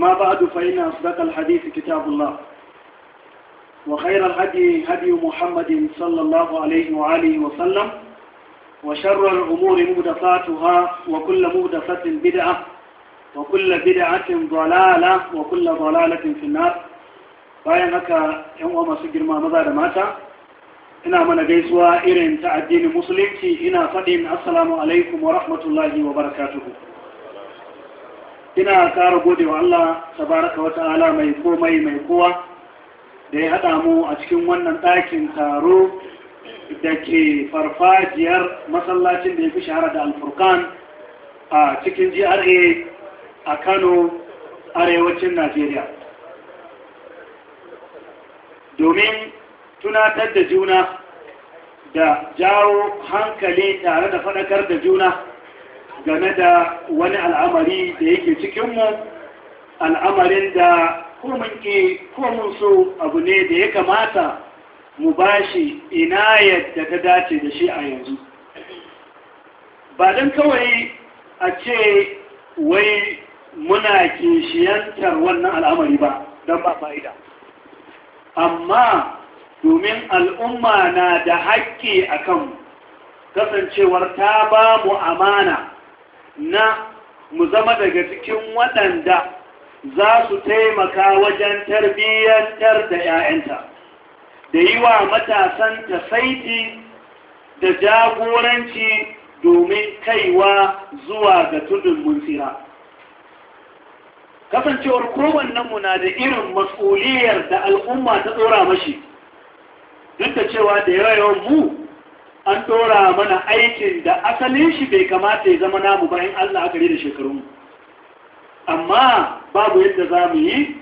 أما بعد فإن أصدق الحديث كتاب الله وخير الهدي هدي محمد صلى الله عليه وآله وسلم وشر الأمور مهدفاتها وكل مهدفة بدعة وكل بدعة ضلالة وكل ضلالة في النار bayan haka yan uwa masu girma maza da mata ina mana gaisuwa irin ta addinin musulunci ina faɗin assalamu alaikum wa rahmatullahi wa barakatuhu ina ƙara gode wa Allah tabaraka wa ta'ala mai komai mai kowa da ya haɗa mu a cikin wannan ɗakin taro da ke farfajiyar masallacin da ya fi shahara da alfurkan a cikin GRA a Kano arewacin Najeriya. Domin tunatar da juna da jawo hankali tare da faɗakar da juna game da wani al'amari da yake cikinmu al'amarin da komin ke so abu ne da ya kamata mu ba shi ina yadda ta dace da shi a yanzu ba don kawai a ce wai muna kishiyantar wannan al'amari ba don ba fa'ida amma domin al'umma na da haƙƙi a kan kasancewar ta ba mu amana na mu zama daga cikin waɗanda za su taimaka wajen tarbiyyantar da 'ya'yanta da yi wa matasan ta saiti da jagoranci domin kaiwa zuwa ga tudun munsira kasancewar kowannenmu na da irin mas'uliyar da al'umma ta tsora mashi duk da cewa da yawan mu an tora mana aikin da asalin shi bai kamata ya zama namu bayan Allah akari da shekarun amma babu yadda za mu yi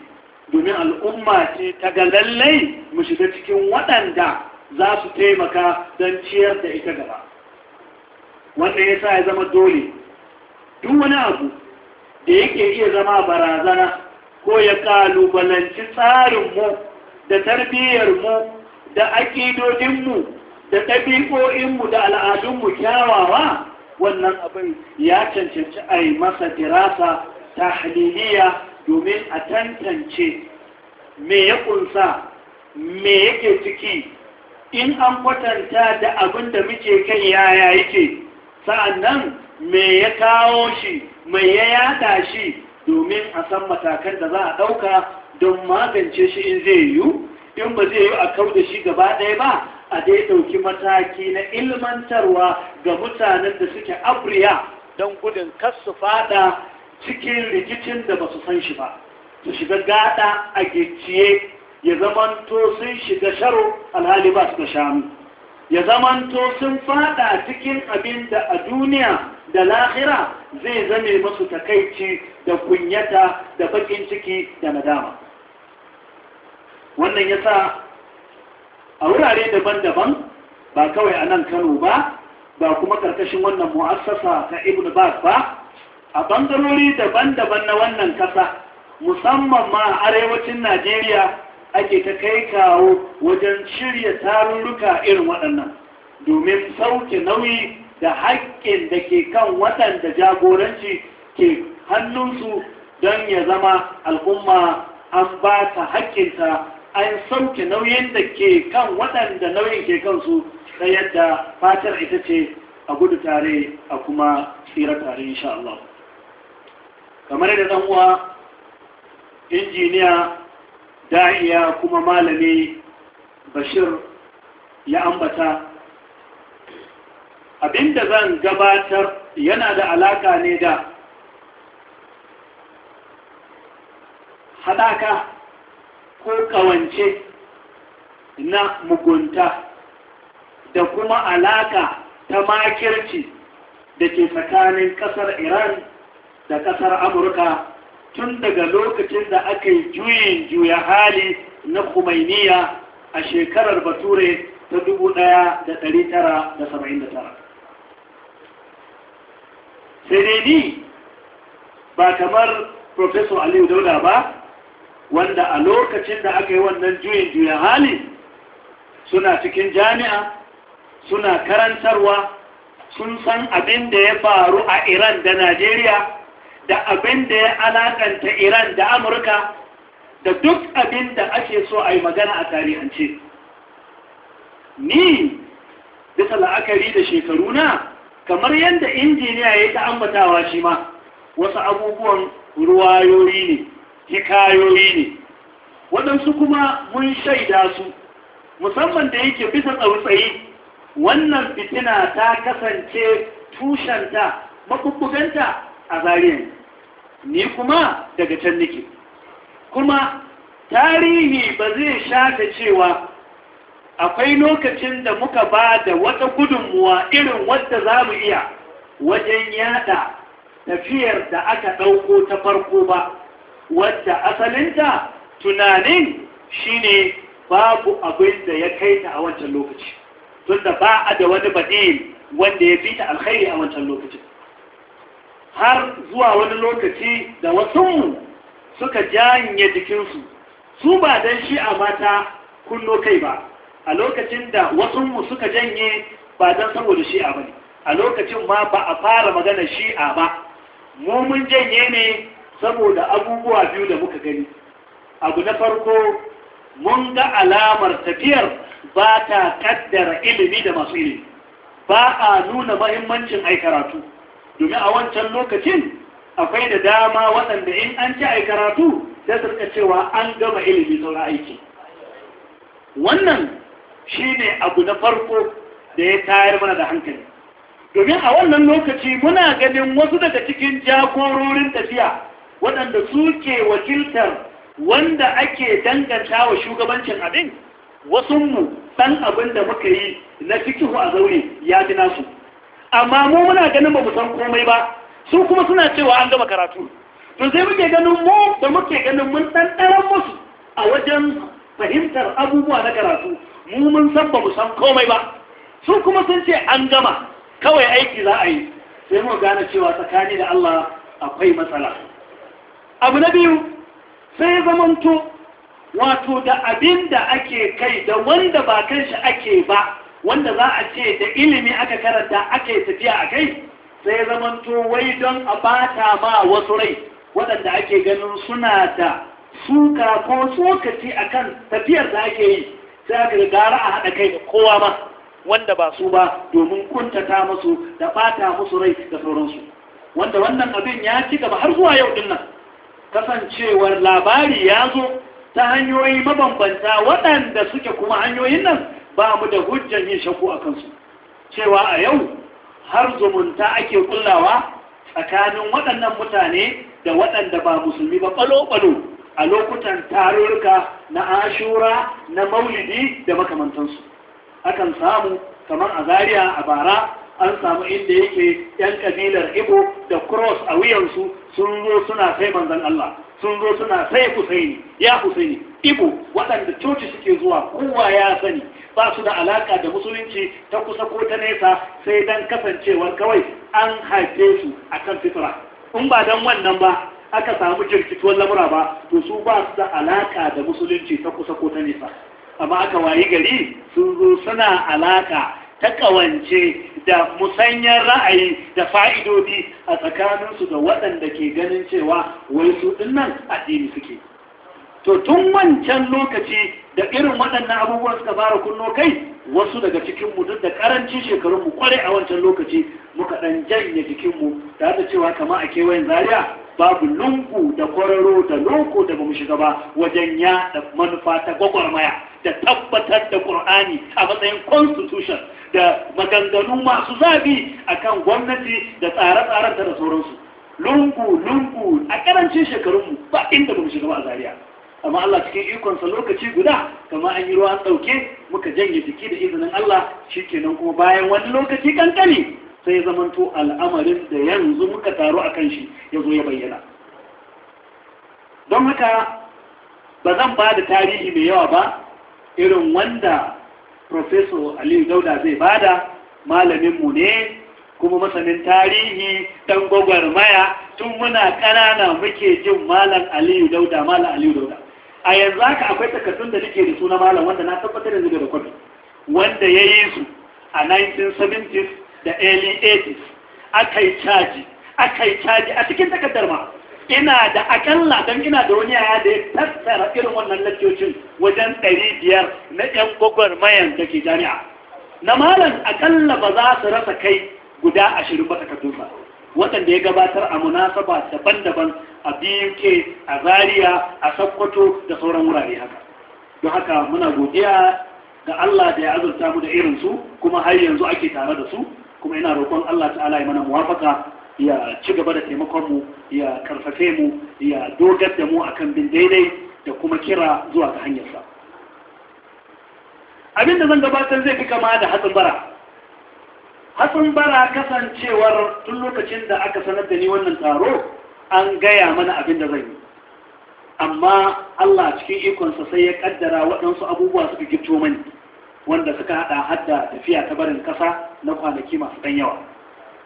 domin al'umma ce ta ga lallai mu shiga cikin waɗanda za su taimaka don ciyar da ita gaba wanda ya sa ya zama dole duk wani abu da yake iya zama barazana ko ya kalubalanci tsarinmu da tarbiyyarmu da aƙidodinmu da ɗabi'o'inmu da al'adunmu kyawawa wannan abin ya cancanci a yi masa dirasa ta haliliya domin a tantance me ya ƙunsa me yake ciki in an kwatanta da abin da muke kan yaya yake sa'annan me ya kawo shi mai ya yada shi domin a san matakan da za a ɗauka don magance shi in zai yiwu in ba zai yiwu a kau da shi gaba ɗaya ba a dai ɗauki mataki na ilmantarwa ga mutanen da suke abriya don gudun kar su fada cikin rikicin da ba su san shi ba su shiga gada a gicciye ya zamanto sun shiga sharo alhali ba su da shanu ya zamanto sun fada cikin abin da a duniya da lahira zai zame masu takaici da kunyata da bakin ciki da nadama wannan ya sa a wurare daban-daban ba kawai a nan kano ba ba kuma karkashin wannan mu'assasa ta ibn bas ba a bangarori daban-daban na wannan kasa musamman ma a arewacin najeriya ake ta kai kawo wajen shirya tarurruka irin waɗannan domin sauke nauyi da haƙƙin da ke kan waɗanda jagoranci ke hannunsu don ya zama al'umma an ba ta haƙƙinta an sauke nauyin da ke kan waɗanda nauyin ke kansu ta yadda fatar ita ce a gudu tare a kuma tsira tare insha Allah kamar da dan uwa injiniya da'iya kuma malami bashir ya ambata abinda zan gabatar yana da alaka ne da haɗaka ko kawance na mugunta da kuma alaƙa ta makirci da ke tsakanin ƙasar iran da ƙasar amurka tun daga lokacin da aka yi juyin juya hali na kumainiya a shekarar bature ta 1979 sai dai ni ba kamar professor aliyu dauda ba wanda a lokacin da aka yi wannan juyin juya hali suna cikin jami'a suna karantarwa sun san abin da ya faru a iran da najeriya da abin da ya alakanta iran da amurka da duk abin da ake so a yi magana a tarihance ni bisa la'akari da shekaru na kamar yadda injiniya ya ta ambatawa shi ma wasu abubuwan ruwayoyi ne hikayoyi ne waɗansu kuma mun shaida su musamman da yake bisa tsautsayi wannan fitina ta kasance tushenta mabubbuganta a zariyan ni kuma daga can nake kuma tarihi ba zai shata cewa akwai lokacin da muka ba da wata gudunmuwa irin wadda za mu iya wajen yada tafiyar da aka ɗauko ta farko ba wacce asalinta tunanin shine babu abin da ya kai ta a wancan lokaci tunda ba a da wani badin wanda ya fi ta alkhairi a wancan lokacin har zuwa wani lokaci da wasu suka janye jikinsu su ba don shi a mata kunno kai ba a lokacin da wasu suka janye ba don saboda shi'a ba ne a lokacin ma ba a fara magana shi a ba mu mun janye ne saboda abubuwa biyu da muka gani abu na farko mun ga alamar tafiyar ba ta kaddara ilimi da masu ilimi ba a nuna mahimmancin ai karatu domin a wancan lokacin akwai da dama waɗanda in an ci ai karatu da suka cewa an gama ilimi saura aiki wannan shi ne abu na farko da ya tayar mana da hankali domin a wannan lokaci muna ganin wasu daga cikin jagororin tafiya waɗanda suke wakiltar wanda ake danganta wa shugabancin abin wasunmu san abin da muka yi na fikihu a zaure ya fi nasu amma mu muna ganin ba mu san komai ba su kuma suna cewa an gama karatu to sai muke ganin mu da muke ganin mun ɗanɗaran musu a wajen fahimtar abubuwa na karatu mu mun san ba mu san komai ba su kuma sun ce an gama kawai aiki za a yi sai mu gane cewa tsakani da Allah akwai matsala abu na biyu sai zamanto wato da abin da ake kai da wanda ba kan shi ake ba wanda za a ce da ilimi aka karanta aka yi tafiya a kai sai zamanto wai don a bata ma wasu rai waɗanda ake ganin suna da suka ko tsokaci kan tafiyar da ake yi sai aka gara a haɗa kai da kowa ba wanda ba su ba domin kuntata musu da bata musu rai da sauransu wanda wannan abin ya ci gaba har zuwa yau dinnan. kasancewar labari ya zo ta hanyoyi mabambanta waɗanda suke kuma hanyoyin nan ba mu da hujjan yin shakku a kansu cewa a yau har zumunta ake kullawa tsakanin waɗannan mutane da waɗanda ba musulmi ba ɓalo-ɓalo a lokutan tarurruka na ashura na maulidi da makamantansu akan samu kamar a Zariya a bara an samu inda yake 'yan kabilar ibo da cross a wuyansu sun zo suna sai manzon Allah sun zo suna sai Husaini ya Husaini ibo waɗanda coci suke zuwa kowa ya sani ba su da alaka da musulunci ta kusa ko ta nesa sai dan kasancewar kawai an haife su akan fitra in ba dan wannan ba aka samu jirkituwar lamura ba to su ba su da alaka da musulunci ta kusa ko ta nesa amma aka wayi gari sun zo suna alaka ta ƙawance da musanyar ra'ayi da fa'idodi a tsakaninsu da waɗanda ke ganin cewa wai su dinnan addini suke to tun wancan lokaci da irin waɗannan abubuwan suka fara kunno kai wasu daga cikinmu duk da ƙarancin shekarunmu kwarai a wancan lokaci muka ɗan janye jikinmu da da cewa kama a kewayen zariya babu lungu da kwararo da loko da bamu shiga ba wajen da manufa ta gwagwarmaya da tabbatar da ƙur'ani a matsayin constitution da maganganu masu zafi akan gwamnati da tsare-tsaren ta da sauransu lungu lungu a karancin shekarunmu ba inda ba mu shiga ba zariya amma Allah cikin ikonsa lokaci guda kama an yi ruwa an ɗauke muka janye jiki da izinin Allah shi shikenan kuma bayan wani lokaci kankani sai ya zamanto al'amarin da yanzu muka taru a kan shi ya zo ya bayyana don haka ba zan ba da tarihi mai yawa ba irin wanda Profesor aliyu dauda zai bada malaminmu ne kuma masanin tarihi dan gwagwarmaya tun muna ƙanana muke jin malam aliyu dauda malam aliyu dauda a yanzu haka akwai takardun da nake da suna malam wanda na tabbatar da zuga da kwafi wanda ya yi su a 1970s da early 80s aka yi caji aka yi caji a cikin takardar ma ina da akalla don ina da wani yaya da ya tattara irin wannan lakcocin wajen ɗari biyar na ‘yan mayan da ke jami'a na malam akalla ba za su rasa kai guda ashirin ba takardunsa waɗanda ya gabatar a munasaba daban-daban a buk a zaria a sokoto da sauran wurare haka don haka muna godiya ga allah da ya azurta mu da irin su kuma har yanzu ake tare da su kuma ina roƙon allah ta'ala ya mana muwafaka ya ci gaba da taimakonmu ya karfafe mu ya dogar da mu kan bin daidai da kuma kira zuwa ga hanyarsa abinda zan gabatar zai fi kama da hatsin bara hatsin bara kasancewar tun lokacin da aka sanar da ni wannan taro an gaya mana abinda zan yi amma Allah cikin ikonsa sai ya kaddara waɗansu abubuwa suka gito mani wanda suka haɗa hadda tafiya ta barin ƙasa na kwanaki masu ɗan yawa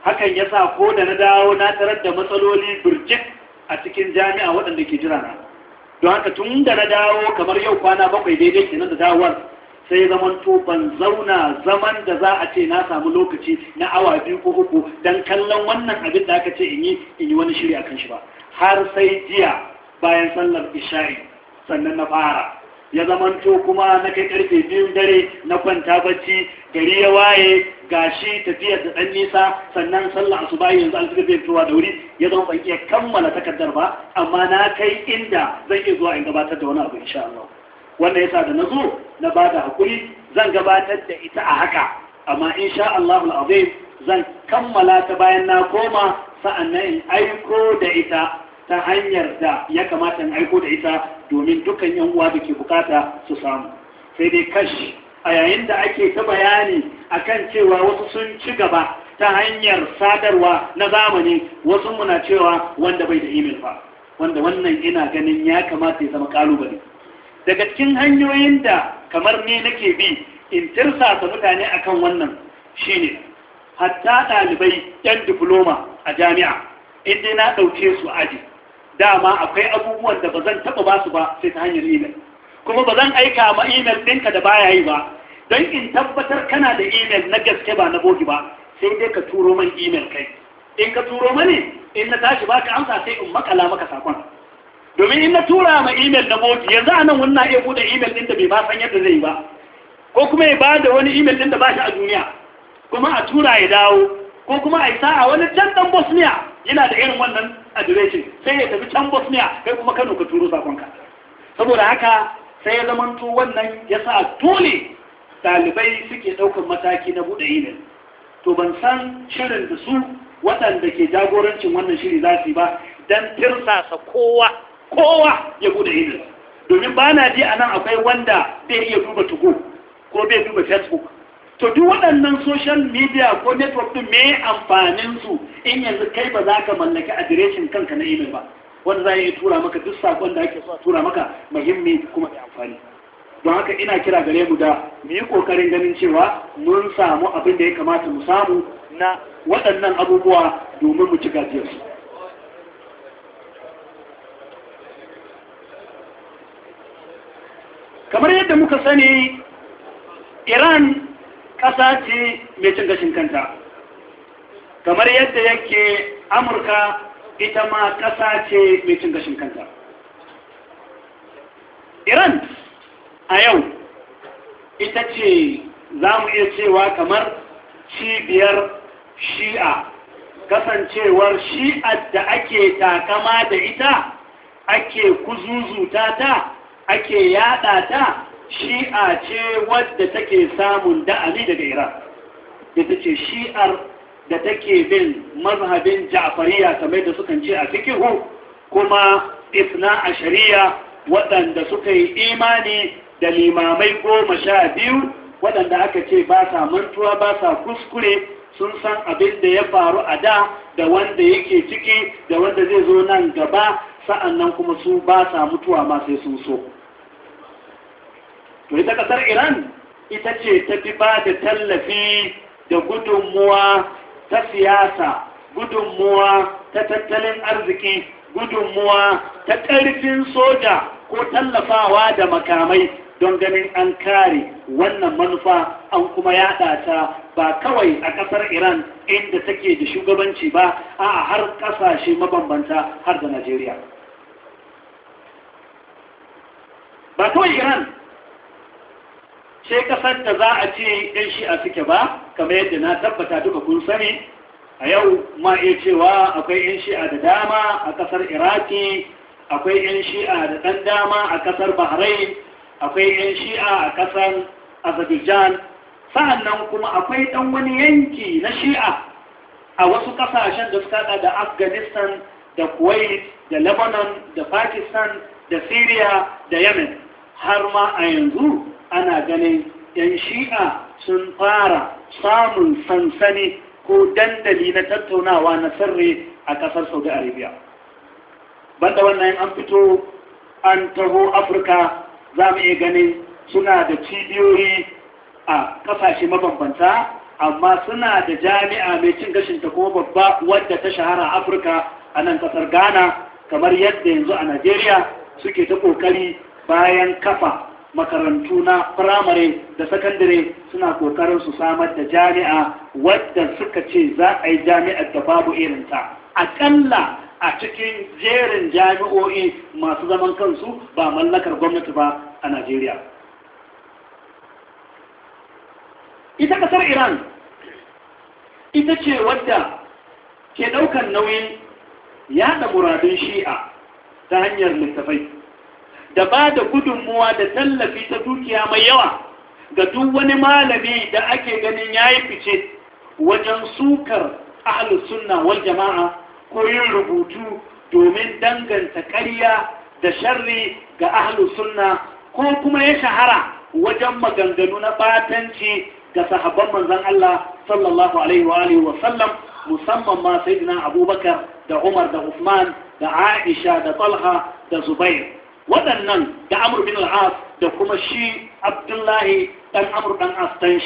hakan ya sa ko da na dawo na tarar da matsaloli birjik a cikin jami'a waɗanda ke jira na don haka tun da na dawo kamar yau kwana bakwai daidai kenan da dawowar sai zaman to ban zauna zaman da za a ce na samu lokaci na awa biyu ko uku don kallon wannan abin da aka ce in yi in yi wani shiri akan shi ba har sai jiya bayan sallar isha'i sannan na fara ya zamanto kuma na kai karfe biyun dare na kwanta bacci gari ya waye gashi tafiyar da dan nisa sannan sallah asuba yanzu an suka fitowa da wuri ya zama ban iya kammala takardar ba amma na kai inda zan iya zuwa in gabatar da wani abu insha Allah wanda yasa da nazo na bada hakuri zan gabatar da ita a haka amma insha Allah azim zan kammala ta bayan na koma sa'annan in aiko da ita ta hanyar da ya kamata in aiko da ita domin dukkan yan uwa da ke bukata su samu sai dai kashi a yayin da ake ta bayani kan cewa wasu sun ci gaba ta hanyar sadarwa na zamani wasu muna cewa wanda bai da imel ba wanda wannan ina ganin ya kamata ya zama kalubale daga cikin hanyoyin da kamar ne nake bi in tirsasa mutane akan wannan shine hatta ɗalibai 'yan difloma a jami'a inda na ɗauke su aji dama akwai abubuwan da ba zan taɓa ba su ba sai ta hanyar email kuma ba zan aika ma email ɗinka da baya yi ba don in tabbatar kana da email na gaske ba na bogi ba sai dai ka turo man email kai in ka turo mani in na tashi ba ka amsa sai in makala maka sakon domin in na tura ma email na bogi yanzu anan wannan iya buɗe email ɗin da bai ba san yadda zai yi ba ko kuma ya bada wani email ɗin da ba shi a duniya kuma a tura ya dawo ko kuma a yi sa'a wani can ɗan bosniya yana da irin wannan adireshin sai ya tafi can bosnia kai kuma kano ka turo sakonka saboda haka sai ya zamanto wannan ya sa dole ɗalibai suke ɗaukar mataki na buɗe imel to ban san shirin da su waɗanda ke jagorancin wannan shiri za su yi ba don tirsasa kowa kowa ya buɗe imel domin ba na ji a nan akwai wanda bai iya duba tugu ko bai duba facebook to duk waɗannan social media ko network ɗin me amfanin su in yanzu kai ba za ka mallaki adireshin kanka na email ba wanda za a iya tura maka duk saƙon da ake so tura maka muhimmi kuma da amfani don haka ina kira gare mu da mu yi kokarin ganin cewa mun samu abin da ya kamata mu samu na waɗannan abubuwa domin mu ci gajiyarsu kamar yadda muka sani iran ƙasa ce mai cin gashin kanta kamar yadda yake amurka ita ma ƙasa ce mai cin gashin kanta iran a yau ita ce za mu iya cewa kamar cibiyar shi'a kasancewar Shi'a da ake takama da ita ake kuzuzuta ta ake yada ta shi'a ce wadda take samun da'ali daga iran ita ce shi'ar da take bin mazhabin ja'fariya kamar da sukan ce a fikihu kuma isna a shari'a waɗanda suka yi imani da limamai goma sha biyu waɗanda aka ce ba sa mantuwa ba sa kuskure sun san abin da ya faru a da da wanda yake ciki da wanda zai zo nan gaba sa'annan kuma su ba sa mutuwa ma sai sun so to ita kasar iran ita ce ta fi ba da tallafi da gudunmuwa ta siyasa gudunmuwa ta tattalin arziki gudunmuwa ta ƙarfin soja ko tallafawa da makamai don ganin an kare wannan manufa an kuma yaɗa ta ba kawai a ƙasar iran inda take da shugabanci ba a har ƙasashe mabambanta har da najeriya ba kawai iran sai kasar da za a ce yan shi'a suke ba kamar yadda na tabbata duka kun sani a yau ma iya cewa akwai yan shi'a da dama a kasar iraki akwai yan shi'a da ɗan dama a ƙasar bahrain akwai yan shi'a a kasar azerbaijan sa'annan kuma akwai ɗan wani yanki na shi'a a wasu ƙasashen da suka da afghanistan da kuwait da lebanon da pakistan da syria da yemen har ma a yanzu ana ganin yan shi'a sun fara samun sansani ko dandali na tattaunawa na sirri a kasar saudi arabia banda wannan an fito an taho afirka za mu iya ganin suna da cibiyoyi a kasashe mabambanta amma suna da jami'a mai cin gashinta kuma babba wadda ta shahara afirka a nan kasar ghana kamar yadda yanzu a najeriya suke ta kokari bayan kafa makarantu na firamare da sakandare suna kokarin su samar da jami'a wadda suka ce za a yi jami'ar da babu irinta aƙalla a cikin jerin jami'o'i masu zaman kansu ba mallakar gwamnati ba a najeriya ita ƙasar iran ita ce wadda ke ɗaukar nauyin yaɗa muradun shi'a ta hanyar littafai da ba da gudunmuwa da tallafi ta dukiya mai yawa ga duk wani malami da ake ganin ya yi fice wajen sukar ahlus sunna wal jama'a ko yin rubutu domin danganta ƙarya da sharri ga ahlus sunna ko kuma ya shahara wajen maganganu na batanci ga sahabban manzan Allah sallallahu alaihi wa alihi wa musamman ma sayyidina Abubakar da Umar da Usman da Aisha da Talha da Zubair waɗannan da amur bin al'as da kuma shi abdullahi ɗan amur ɗan astan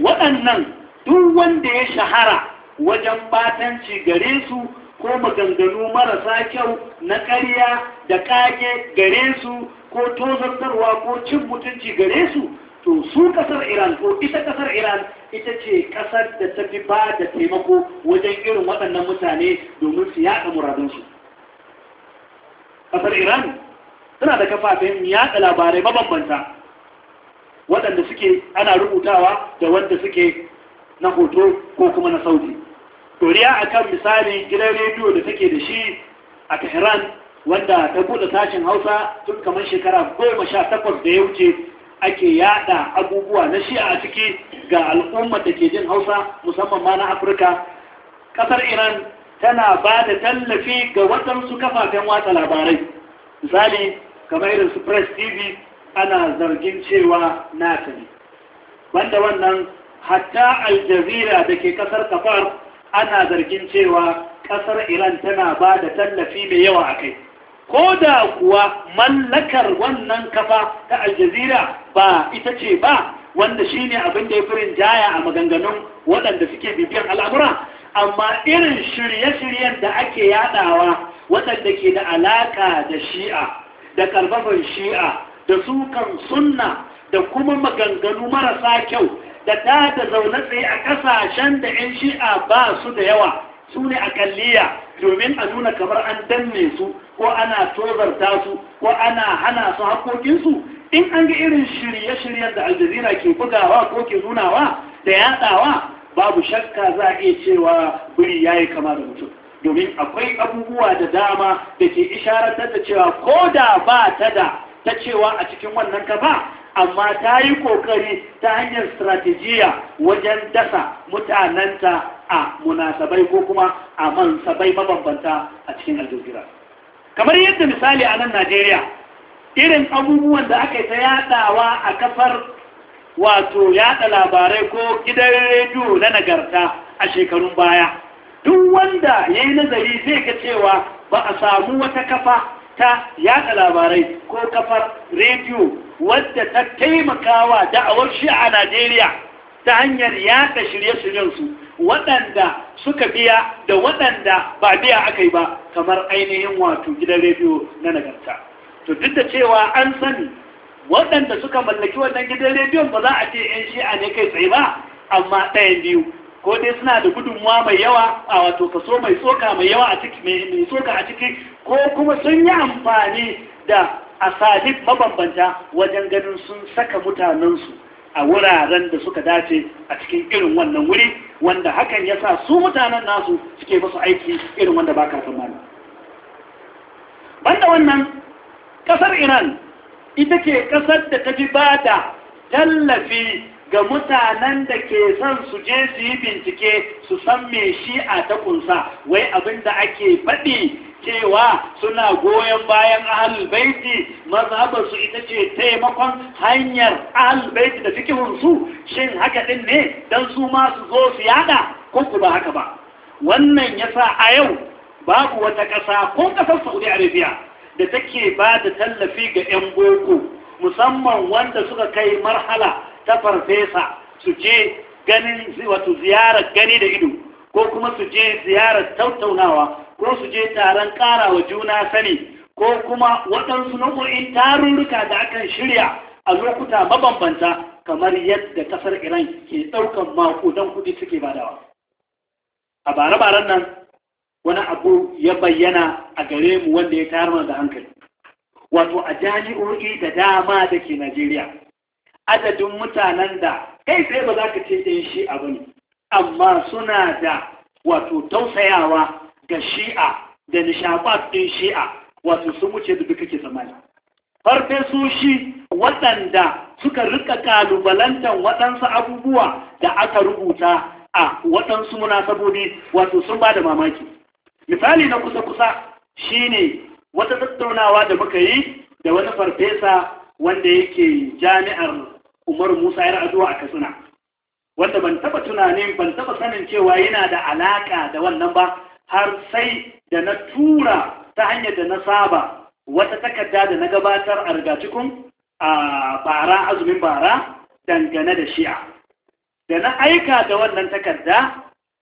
waɗannan duk wanda ya shahara wajen batanci gare su ko maganganu marasa kyau na ƙarya da ƙage gare su ko tozartarwa ko cin mutunci gare su to su ƙasar iran ko ita ƙasar iran ita ce ƙasar da ta fi ba da taimako wajen irin waɗannan mutane domin su yaɗa muradunsu ƙasar iran suna da kafafen yaɗa labarai mabambanta waɗanda suke ana rubutawa da wanda suke na hoto ko kuma na sauti a kan misali gidan rediyo da take da shi a tehran wanda ta buɗe tashin hausa tun kamar shekara goma sha takwas da ya wuce ake yaɗa abubuwa na shi a ciki ga al'ummar da ke jin hausa musamman ma na afirka ƙasar iran tana ba da tallafi ga waɗansu kafafen watsa labarai misali kamar irin su press tv ana zargin cewa nata ne banda wannan hatta aljazira da ke kasar kafar ana zargin cewa kasar iran tana ba da tallafi mai yawa a kai ko da kuwa mallakar wannan kafa ta aljazira ba ita ce ba wanda shine abin da ya fi rinjaya a maganganun waɗanda suke bibiyar al'amura amma irin shirye-shiryen da ake yaɗawa waɗanda ke da alaƙa da shi'a da ƙarfafan shi'a da sukan sunna da kuma maganganu marasa kyau da ta da zaune tsaye a ƙasashen da 'yan shi'a ba su da yawa su ne a domin a nuna kamar an danne su ko ana tozarta su ko ana hana su haƙoƙinsu in an ga irin shirye-shiryen da aljazira ke bugawa ko ke nunawa da yaɗawa? babu shakka za a iya cewa biri ya yi kama da mutum domin akwai abubuwa da dama da ke isharatar da cewa ko da ba ta da ta cewa a cikin wannan kafa amma ta yi kokari ta hanyar strategiya wajen dasa mutanenta a munasabai ko kuma a mansabai mabambanta a cikin aljazeera kamar yadda misali a nan najeriya irin abubuwan da aka yi ta yadawa a kafar wato yaɗa labarai ko gidan rediyo na nagarta a shekarun baya duk wanda ya yi nazari zai ga cewa ba a samu wata kafa ta yaɗa labarai ko kafar rediyo wadda ta taimakawa da'awar shi a najeriya ta hanyar yaɗa shirye-shiryensu waɗanda suka biya da waɗanda ba biya aka yi ba kamar ainihin wato gidan rediyo na nagarta to duk da cewa an sani waɗanda suka mallaki wannan gidan rediyon ba za a ce 'yan shi'a ne kai tsaye ba amma ɗayan biyu ko dai suna da gudunmuwa mai yawa a wato kaso mai soka mai yawa a ciki mai soka a ciki ko kuma sun yi amfani da asalib mabambanta wajen ganin sun saka mutanensu a wuraren da suka dace a cikin irin wannan wuri wanda hakan ya sa su mutanen nasu suke masu aiki irin wanda ba ka banda wannan kasar iran ita ke ƙasar da ta fi ba tallafi ga mutanen da ke son su je su yi bincike su san me a ta kunsa wai abin da ake faɗi cewa suna goyon bayan albaiti baiti su ita ce taimakon hanyar albaiti da da fikihunsu shin haka ɗin ne don su ma su zo su yada ko ku ba haka ba wannan yasa a yau babu wata ƙasa ko ƙasar saudi arabia da take ba da tallafi ga 'yan boko musamman wanda suka kai marhala ta farfesa su je ganin wato ziyarar gani da ido ko kuma su je ziyarar tattaunawa ko su je taron ƙarawa juna sani ko kuma waɗansu nau'o'in tarurruka da akan shirya a lokuta mabambanta kamar yadda ƙasar iran ke ɗaukan mako don kuɗi suke badawa a bare-baren nan wani abu ya bayyana a gare mu wanda ya tayar da hankali wato a jami'o'i da dama da ke najeriya adadin mutanen da kai sai ba za ka ce ɗin shi'a ba ne amma suna da wato tausayawa ga shi'a da nishabat ɗin shi'a wato sun wuce da duka ke zamani farfesoshi waɗanda suka rika ƙalubalantan waɗansu abubuwa da aka rubuta a waɗansu munasabobi wato sun ba da mamaki misali na kusa-kusa shine wata tattaunawa da muka yi da wani farfesa wanda yake jami'ar umar musa yar azuwa a katsina wanda ban taba tunanin ban taba sanin cewa yana da alaka da wannan ba har sai da na tura ta hanyar da na saba wata takarda da na gabatar a rigacikun a bara azumin bara dangane da shi'a da na aika da wannan takarda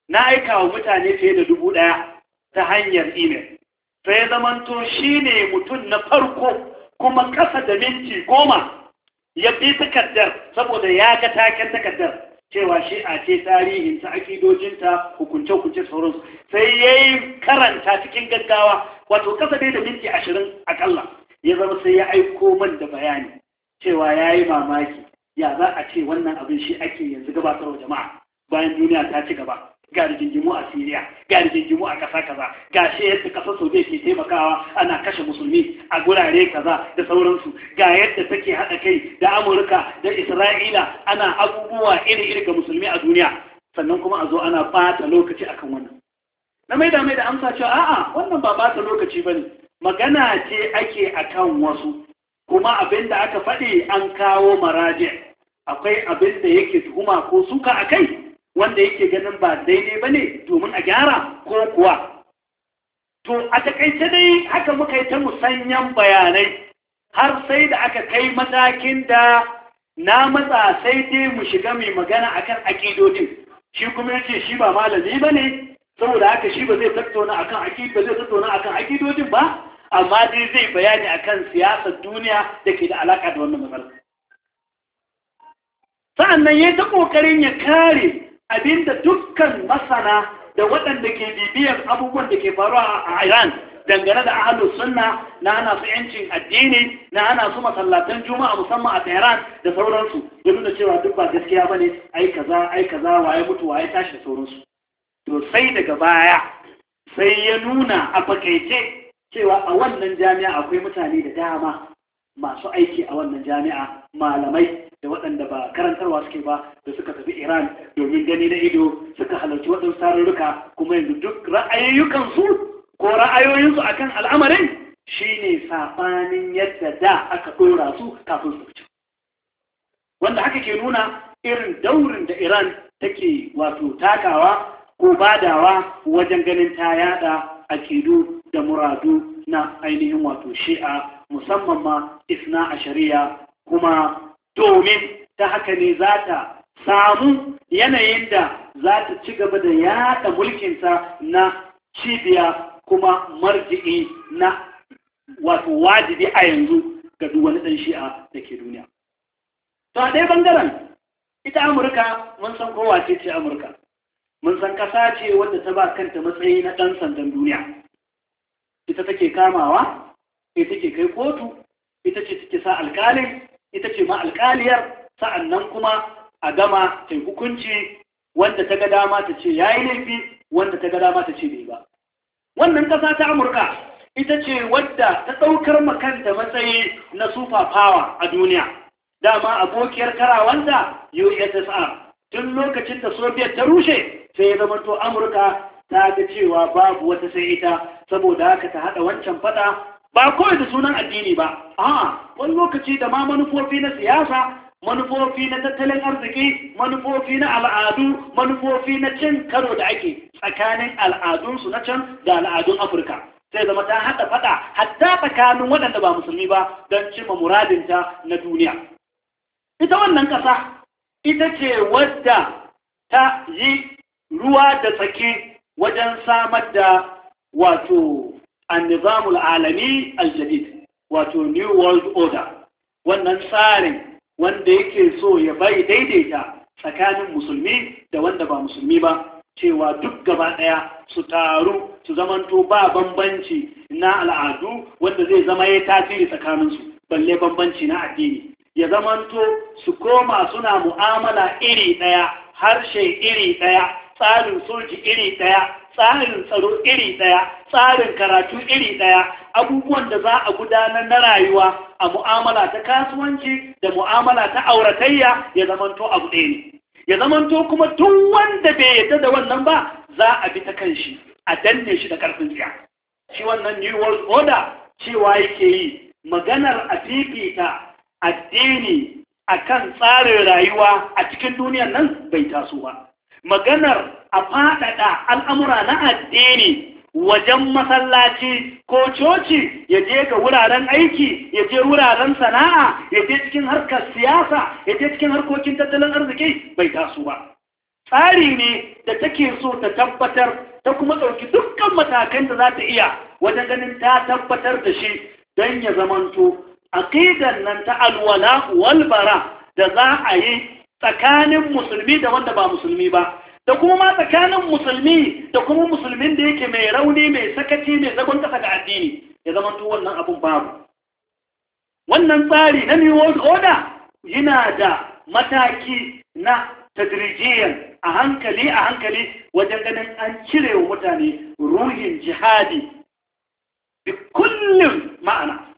na aika wa mutane fiye da dubu ɗaya ta hanyar imel sai ya zamanto shi ne mutum na farko kuma kasa da minti goma ya bi takardar saboda ya ga taken takardar cewa shi a ce tarihinta dojinta hukunce-hukunce sauransu sai ya yi karanta cikin gaggawa wato kasa dai da minti ashirin akalla ya zama sai ya aiko man da bayani cewa ya yi mamaki ya za a ce wannan abin shi ake yanzu gabatar gabatarwa jama'a bayan duniya ta ci gaba ga rigingimu a Siriya ga rigingimu a kasa kaza ga shi yadda ƙasar Saudiya ke taimakawa ana kashe musulmi a gurare kaza da sauransu ga yadda take haɗa kai da Amurka da Isra'ila ana abubuwa iri-iri ga musulmi a duniya sannan kuma a zo ana ɓata lokaci akan wannan na maida mai da amsa cewa a'a wannan ba ɓata lokaci ba ne magana ce ake akan wasu kuma abin da aka faɗi an kawo maraje akwai abin da yake tuhuma ko suka a kai wanda yake ganin ba daidai ba ne domin a gyara ko kuwa to a takaice dai haka muka yi ta musanyan bayanai har sai da aka kai matakin da na matsa sai dai mu shiga mai magana akan akidodin. shi kuma yace shi ba malami ba ne saboda haka shi ba zai tattauna akan aƙid ba ba amma dai zai bayani akan siyasar duniya da ke da alaƙa da wannan matsalar sa'annan ya ta ƙoƙarin ya kare abinda dukkan masana da waɗanda ke bibiyar abubuwan da ke faruwa a Iran dangane da ahalus sunna na ana su yancin addini na ana su masallatan juma'a musamman a Tehran da sauransu da cewa duk ba gaskiya bane ai kaza ai kaza waye mutu waye tashi da sauransu to sai daga baya sai ya nuna a fakaice cewa a wannan jami'a akwai mutane da dama masu aiki a wannan jami'a malamai da waɗanda ba karantarwa suke ba da suka tafi iran domin gani na ido suka halarci waɗansu tarurruka kuma yanzu duk ra'ayoyukansu ko ra'ayoyinsu akan al'amarin shine saɓanin yadda da aka ɗora su kafin su fice wanda haka ke nuna irin daurin da iran take wato takawa ko badawa wajen ganin ta yada akidu da muradu na ainihin wato shi'a musamman ma isna a shari'a kuma domin ta haka ne za ta samu yanayin da za ta ci gaba da yada mulkinta na cibiya kuma marji'i na wato wajibi a yanzu ga duk wani dan shi'a da ke duniya. ta ɗaya bangaren ita Amurka mun san kowa ce ce Amurka. mun san ƙasa ce wadda ta ba kanta matsayi na ɗan sandan duniya ita take kamawa ita take kai kotu ita ce take sa alƙalin ita ce ma alƙaliyar sa'annan kuma a gama ta hukunci wanda ta ga dama ta ce yi laifi wanda ta ga dama ta ce bai ba wannan ƙasa ta amurka ita ce wadda ta ɗaukar makanta matsayi na super power a duniya dama abokiyar karawanta ussr tun lokacin da soviet ta rushe sai ya zama to amurka ta ga cewa babu wata sai ita saboda haka ta haɗa wancan faɗa ba kawai da sunan addini ba a wani lokaci da ma manufofi na siyasa manufofi na tattalin arziki manufofi na al'adu manufofi na cin karo da ake tsakanin al'adunsu na can da al'adun afirka sai zama ta haɗa faɗa hatta tsakanin waɗanda ba musulmi ba don cimma muradinta na duniya ita wannan ƙasa ita ce wadda ta yi ruwa da tsaki wajen samar da wato annizamul alami aljadid wato new world order wannan tsarin wanda yake so ya bai daidaita tsakanin musulmi da wanda ba musulmi ba cewa duk gaba ɗaya su taru su zamanto ba bambanci na al'adu wanda zai zama ya tasiri tsakaninsu balle bambanci na addini ya zamanto su koma suna mu'amala iri ɗaya harshe iri ɗaya tsarin soji iri ɗaya tsarin tsaro iri ɗaya tsarin karatu iri ɗaya abubuwan da za a gudanar na rayuwa a mu'amala ta kasuwanci da mu'amala ta auratayya ya zamanto abu ɗaya ne ya zamanto kuma tun wanda bai yadda da wannan ba za a bi ta kan shi a danne shi da ƙarfin siya shi wannan new world order cewa yake yi maganar a fifita addini a kan tsarin rayuwa a cikin duniyar nan bai taso ba maganar a faɗaɗa al'amura na addini wajen masallaci ko coci ya je ga wuraren aiki ya je wuraren sana'a ya je cikin harkar siyasa ya je cikin harkokin tattalin arziki bai taso ba tsari ne da take so ta tabbatar ta kuma ɗauki dukkan matakan da za ta iya wajen ganin ta tabbatar da shi don ya zamanto aqidan nan ta alwala wal bara da za a yi tsakanin musulmi da wanda ba musulmi ba da kuma ma tsakanin musulmi da kuma musulmin da yake mai rauni mai sakaci mai zagon kasa ga addini ya zama to wannan abun babu wannan tsari na new world order yana da mataki na tadrijiyan a hankali a hankali wajen ganin an cire wa mutane ruhin jihadi bi kullum ma'ana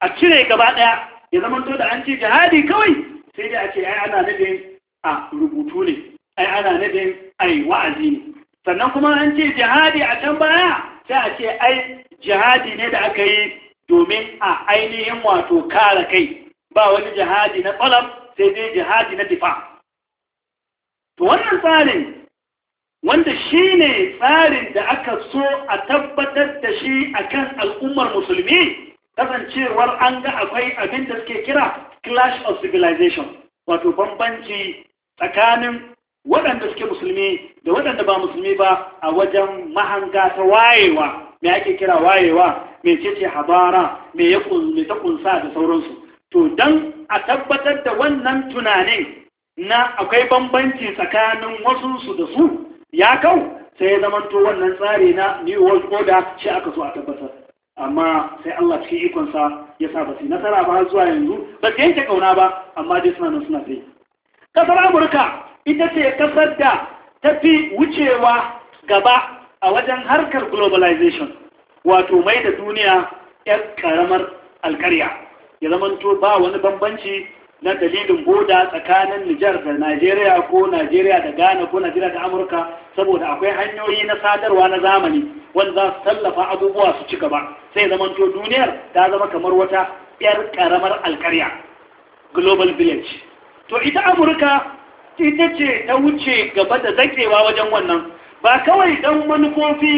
a cire gaba ɗaya ya zama to da an ce jihadi kawai sai dai a ce ai ana nufin a rubutu ne ai ana nufin ai wa'azi ne sannan kuma an ce jihadi a can baya sai a ce ai jihadi ne da aka yi domin a ainihin wato kare kai ba wani jihadi na tsalab sai dai jihadi na difa to wannan tsarin wanda shi ne tsarin da aka so a tabbatar da shi akan al'ummar musulmi kasancewar an ga akwai abin da suke kira clash of civilization wato bambanci tsakanin waɗanda suke musulmi da waɗanda ba musulmi ba a wajen mahanga ta wayewa mai ake kira wayewa mai ce ce habara mai ya ta kunsa da sauransu to don a tabbatar da wannan tunanin na akwai bambanci tsakanin wasu su da su ya kau sai ya zamanto wannan tsari na new world order shi aka so a tabbatar amma sai Allah cikin ikonsa ya sa ba su nasara ba zuwa yanzu ba su yanke kauna ba amma dai suna nan suna tsaye Ƙasar amurka ita ce kasar da ta fi wucewa gaba a wajen harkar globalization wato mai da duniya yar karamar alkarya ya zamanto ba wani bambanci na dalilin boda tsakanin Nijar da Najeriya ko Najeriya da Ghana ko Najeriya da Amurka saboda akwai hanyoyi na sadarwa na zamani wanda za su tallafa abubuwa su ci gaba sai zamanto duniyar ta zama kamar wata 'yar karamar alkarya global village to ita Amurka ita ce ta wuce gaba da zakewa wajen wannan ba kawai dan manufofi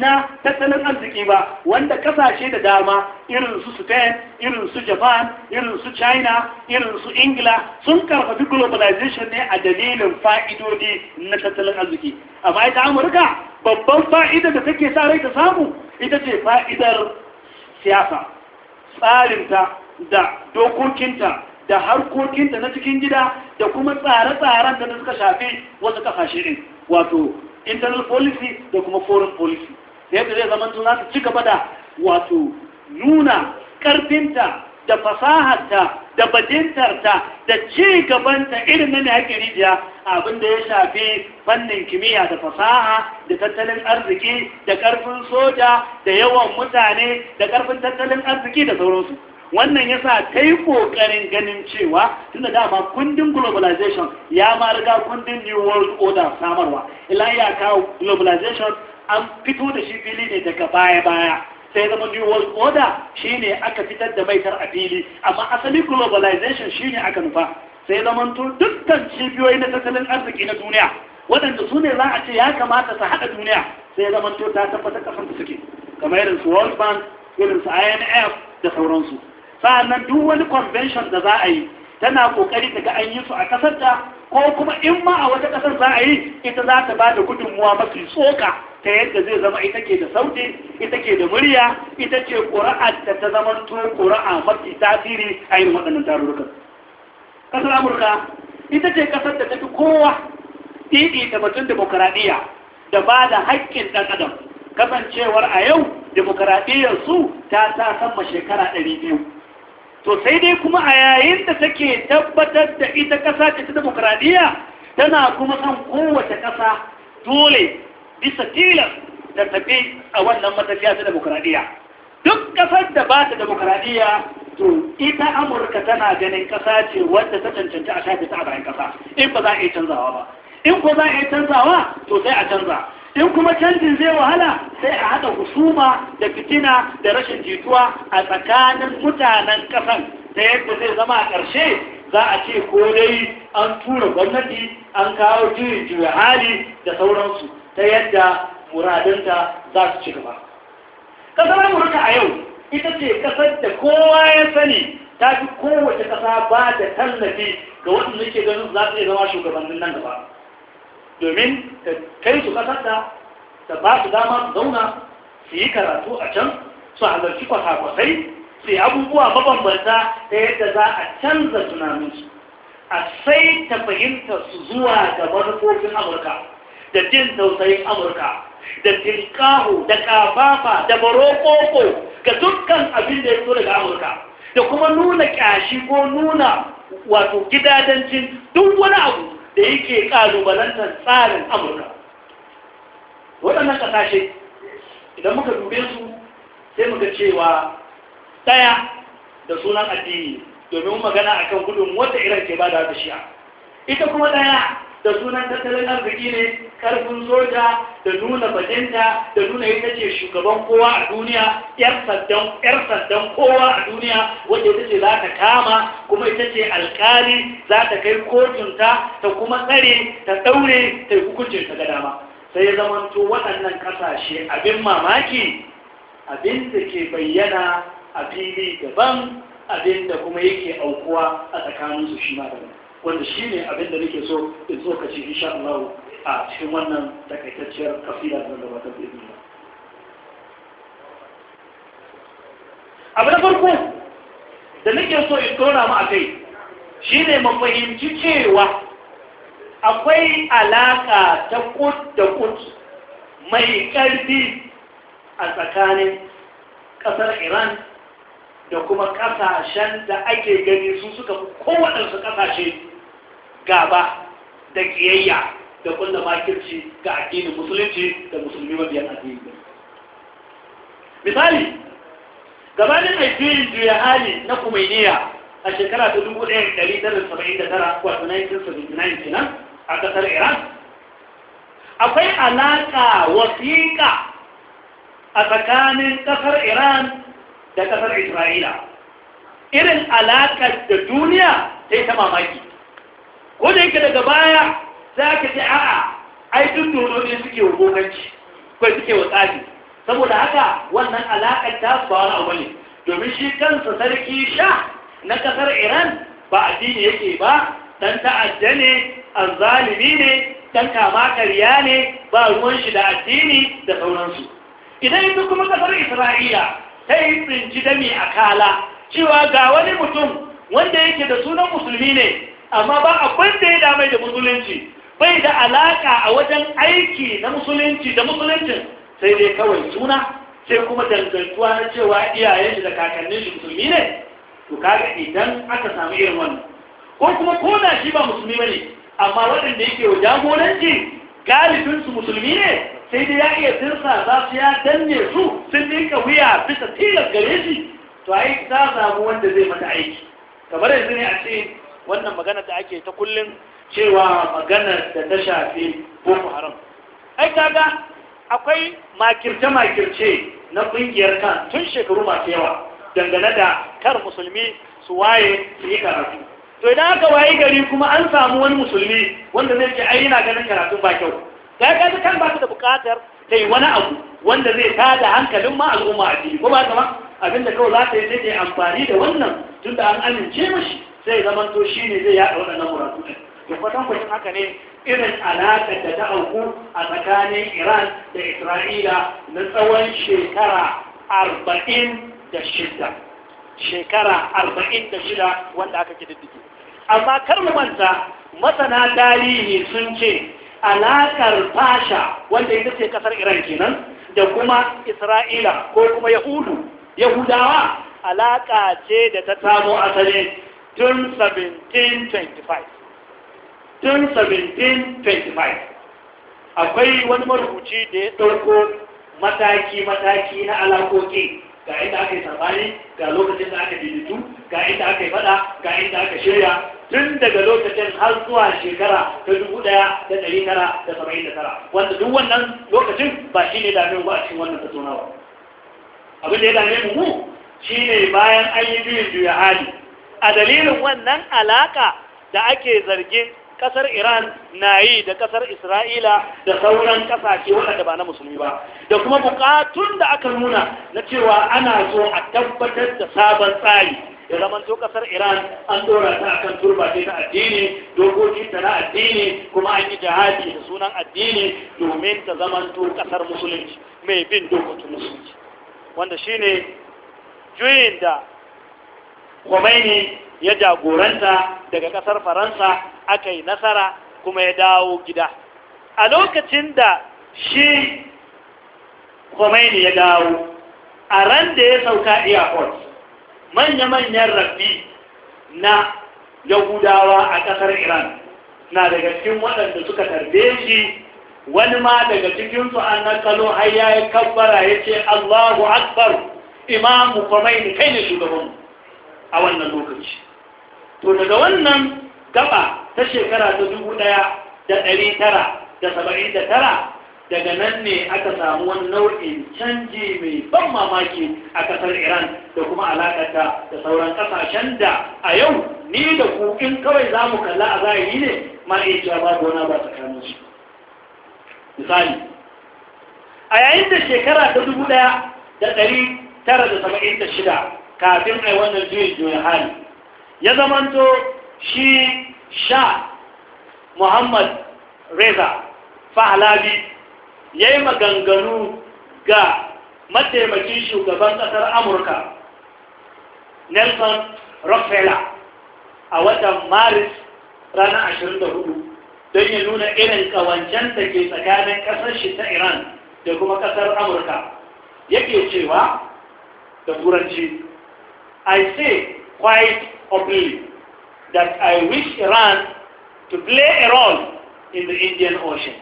na tattalin arziki ba wanda ƙasashe da dama irin su Spain irin su Japan irin su China irin su Ingila sun karfafi globalization ne a dalilin fa'idodi na tattalin arziki amma ita Amurka babban fa'idar da take sa rai ta samu ita ce fa'idar siyasa tsarinta da dokokinta da harkokinta na cikin gida da kuma tsare-tsaren da suka shafi wasu kasashe ne wato internal policy da kuma foreign policy da yadda zai zama za su ci gaba da wato nuna karfinta da fasaharta da bajintarta da ci gabanta irin na haƙin rijiya abinda ya shafi fannin kimiyya da fasaha da tattalin arziki da ƙarfin soja da yawan mutane da karfin tattalin arziki da sauransu wannan ya sa ta yi ƙoƙarin ganin cewa tun da dama kundin globalization ya ma riga kundin new world order samarwa ila ya kawo globalization an fito da shi fili ne daga baya-baya sai zama new world order shine aka fitar da maitar a fili amma asali globalization shine aka nufa sai zama dukkan cibiyoyi na tattalin arziki na duniya waɗanda su ne za a ce ya kamata su haɗa duniya sai zama ta tabbatar kafin da suke kamar irin su world bank irin su imf da sauransu sa'annan duk wani convention da za a yi tana kokari daga an yi su a kasar ta ko kuma in ma a wata kasar za a yi ita za ta ba da gudunmuwa mafi tsoka ta yadda zai zama ita ke da sauti ita ke da murya ita ce ƙura'a da ta zama to ƙura'a mafi tasiri a yin waɗannan tarurrukan kasar amurka ita ce kasar da ta fi kowa ɗiɗi ta batun demokaradiyya da ba da haƙƙin ɗan adam kasancewar a yau demokaradiyyar su ta ta sama shekara ɗari biyu to sai dai kuma a yayin da take tabbatar da ita ƙasa ce ta demokradiyya tana kuma kan kowace ƙasa dole bisa tilas da tafi a wannan matafiya ta demokradiyya duk ƙasar da ba ta demokradiyya to ita amurka tana ganin ƙasa ce wadda ta cancanta a shafi ta a bayan ƙasa in ba za a iya canzawa ba in ko za a iya canzawa to sai a canza in kuma canjin zai wahala sai a haɗa husuma da fitina da rashin jituwa a tsakanin mutanen ƙasan ta yadda zai zama a ƙarshe za a ce ko dai an tura gwamnati an kawo jiri juya hali da sauransu ta yadda muradanta za su ci gaba ƙasar amurka a yau ita ce ƙasar da kowa ya sani ta fi kowace ƙasa ba da tallafi ga waɗanda ke ganin za su iya zama shugabannin nan gaba domin ta kai su kasar da ta ba su dama su zauna su yi karatu a can su halarci kwasa-kwasai su yi abubuwa mabambanta ta yadda za a canza tunaninsu a sai ta fahimta su zuwa ga manufofin amurka da jin tausayin amurka da tilkahu da kafafa da barokoko ga dukkan abin da ya so daga amurka da kuma nuna kyashi ko nuna wato gidadancin duk wani abu da yake ƙalubalantar tsarin amurka waɗannan ƙasashe idan muka dube su sai muka cewa ɗaya da sunan addini domin magana akan gudun wata iran ke ba da shi'a ita kuma ɗaya da sunan tattalin arziki ne karfin soja da nuna bajinta da nuna ita ce shugaban kowa a duniya yar sandan kowa a duniya wadda ita ce za ta kama kuma ita ce alkali za ta kai kotunta ta kuma tsare ta daure ta yi hukuncin ta ga dama sai ya zamanto waɗannan ƙasashe abin mamaki abin da ke bayyana a fili daban abin da kuma yake aukuwa a tsakaninsu shi ma daban wanda shi ne abin da nake so in so ka ci insha Allah a cikin wannan takaitacciyar kafila da gabatar da izini abu na farko da nake so in tona mu a kai shi ne mu fahimci cewa akwai alaƙa ta kut da kut mai ƙarfi a tsakanin ƙasar iran da kuma ƙasashen da ake gani su suka fi kowaɗansu ƙasashe gaba da kiyayya da kulla makirci ga addinin musulunci da musulmi mabiyan addini misali gabanin aifiyin juya hali na kumainiya a shekara ta 1979 wato 1979 kenan a kasar iran akwai alaƙa wasiƙa a tsakanin ƙasar iran da ƙasar isra'ila irin alaƙar da duniya ta yi ta mamaki ko da yake daga baya za ka ji a'a ai duk dole suke wa kai suke wa saboda haka wannan alaƙar ta ba wani abu ne domin shi kansa sarki sha na ƙasar iran ba addini yake ba dan ta'adda ne an zalimi ne dan kama karya ne ba ruwan shi da addini da sauransu idan ita kuma ƙasar isra'ila ta yi tsinci dami a kala cewa ga wani mutum wanda yake da sunan musulmi ne amma ba abin da ya damai da musulunci bai da alaka a wajen aiki na musulunci da musuluncin sai dai kawai suna sai kuma dangantuwa na cewa iyayen shi da kakannin shi musulmi ne to kaga idan aka samu irin wannan ko kuma ko da shi ba musulmi ba ne amma waɗanda yake wa jagoranci galibinsu musulmi ne sai dai ya iya tirsa za su ya danne su sun dinka wuya bisa tilas gare shi to ai ta samu wanda zai mata aiki kamar yanzu ne a ce wannan magana da ake ta kullum cewa maganar da ta shafi boko haram ai kaga akwai makirce-makirce na ƙungiyar kan tun shekaru masu yawa dangane da kar musulmi su waye su yi karatu to idan aka waye gari kuma an samu wani musulmi wanda zai ce ai yana ganin karatun ba kyau ga ga kan ba su da bukatar ta yi wani abu wanda zai tada hankalin ma al'umma a ko ba ta ma abinda kawai za ta yi sai ta amfani da wannan tunda an amince mashi sai zaman to shi ne zai yaɗa waɗannan muratu ɗin da kwatankwacin haka ne irin alaƙar da ta auku a tsakanin iran da isra'ila na tsawon shekara arba'in da shida shekara arba'in da shida wanda aka kididdige amma karmanta masana tarihi sun ce alaƙar fasha wanda ita ce ƙasar iran kenan da kuma isra'ila ko kuma yahudu yahudawa alaƙa ce da ta samo asali tun 1725 tun 1725 akwai wani marubuci da ya ɗauko mataki-mataki na alakoki ga inda aka yi sabani ga lokacin da aka bibitu ga inda aka yi fada ga inda aka shirya tun daga lokacin har zuwa shekara ta dubu ɗaya da dari tara da saba'in da tara wanda duk wannan lokacin ba shi ne damin ba a cikin wannan tattaunawa abin da ya dame mu shi ne bayan an yi biyun juya hali a dalilin wannan alaka da ake zargin kasar iran na yi da kasar isra'ila da sauran kasashe waɗanda ba na musulmi ba da kuma bukatun da aka nuna na cewa ana so a tabbatar da sabon tsari ya zama to kasar iran an dora ta akan turba ta addini dokoki ta na addini kuma an yi jihadi da sunan addini domin ta zama to kasar musulunci mai bin dokokin musulunci wanda shine juyin da Khomeini ya jagoranta daga ƙasar Faransa aka yi nasara kuma ya dawo gida. A lokacin da shi Khomeini ya dawo, a ran da ya sauka airport, manya-manyan rabbi na Yahudawa a ƙasar Iran na daga cikin waɗanda suka tarbe shi wani ma daga cikinsu an kalo har ya yi kabbara ya ce Allahu Akbar imamu Khomeini kai ne shugabanmu. a wannan lokaci to daga wannan gaba ta shekara ta dubu ɗaya da ɗari tara da saba'in da tara daga nan ne aka samu wani nau'in canji mai ban mamaki a ƙasar iran da kuma alaƙata da sauran ƙasashen da a yau ni da kukin kawai za mu kalla a zahiri ne ma iya cewa ba gona ba tsakanin su misali a yayin da shekara ta dubu ɗaya da ɗari tara da saba'in da shida kafin ai wannan juyin juyin hali ya zamanto shi sha muhammad reza fahlabi ya yi maganganu ga mataimakin shugaban ƙasar amurka nelson rockefeller a watan maris ranar 24 don ya nuna irin ƙawancen da ke tsakanin ƙasar shi ta iran da kuma ƙasar amurka yake cewa da turanci I say quite openly that I wish Iran to play a role in the Indian Ocean.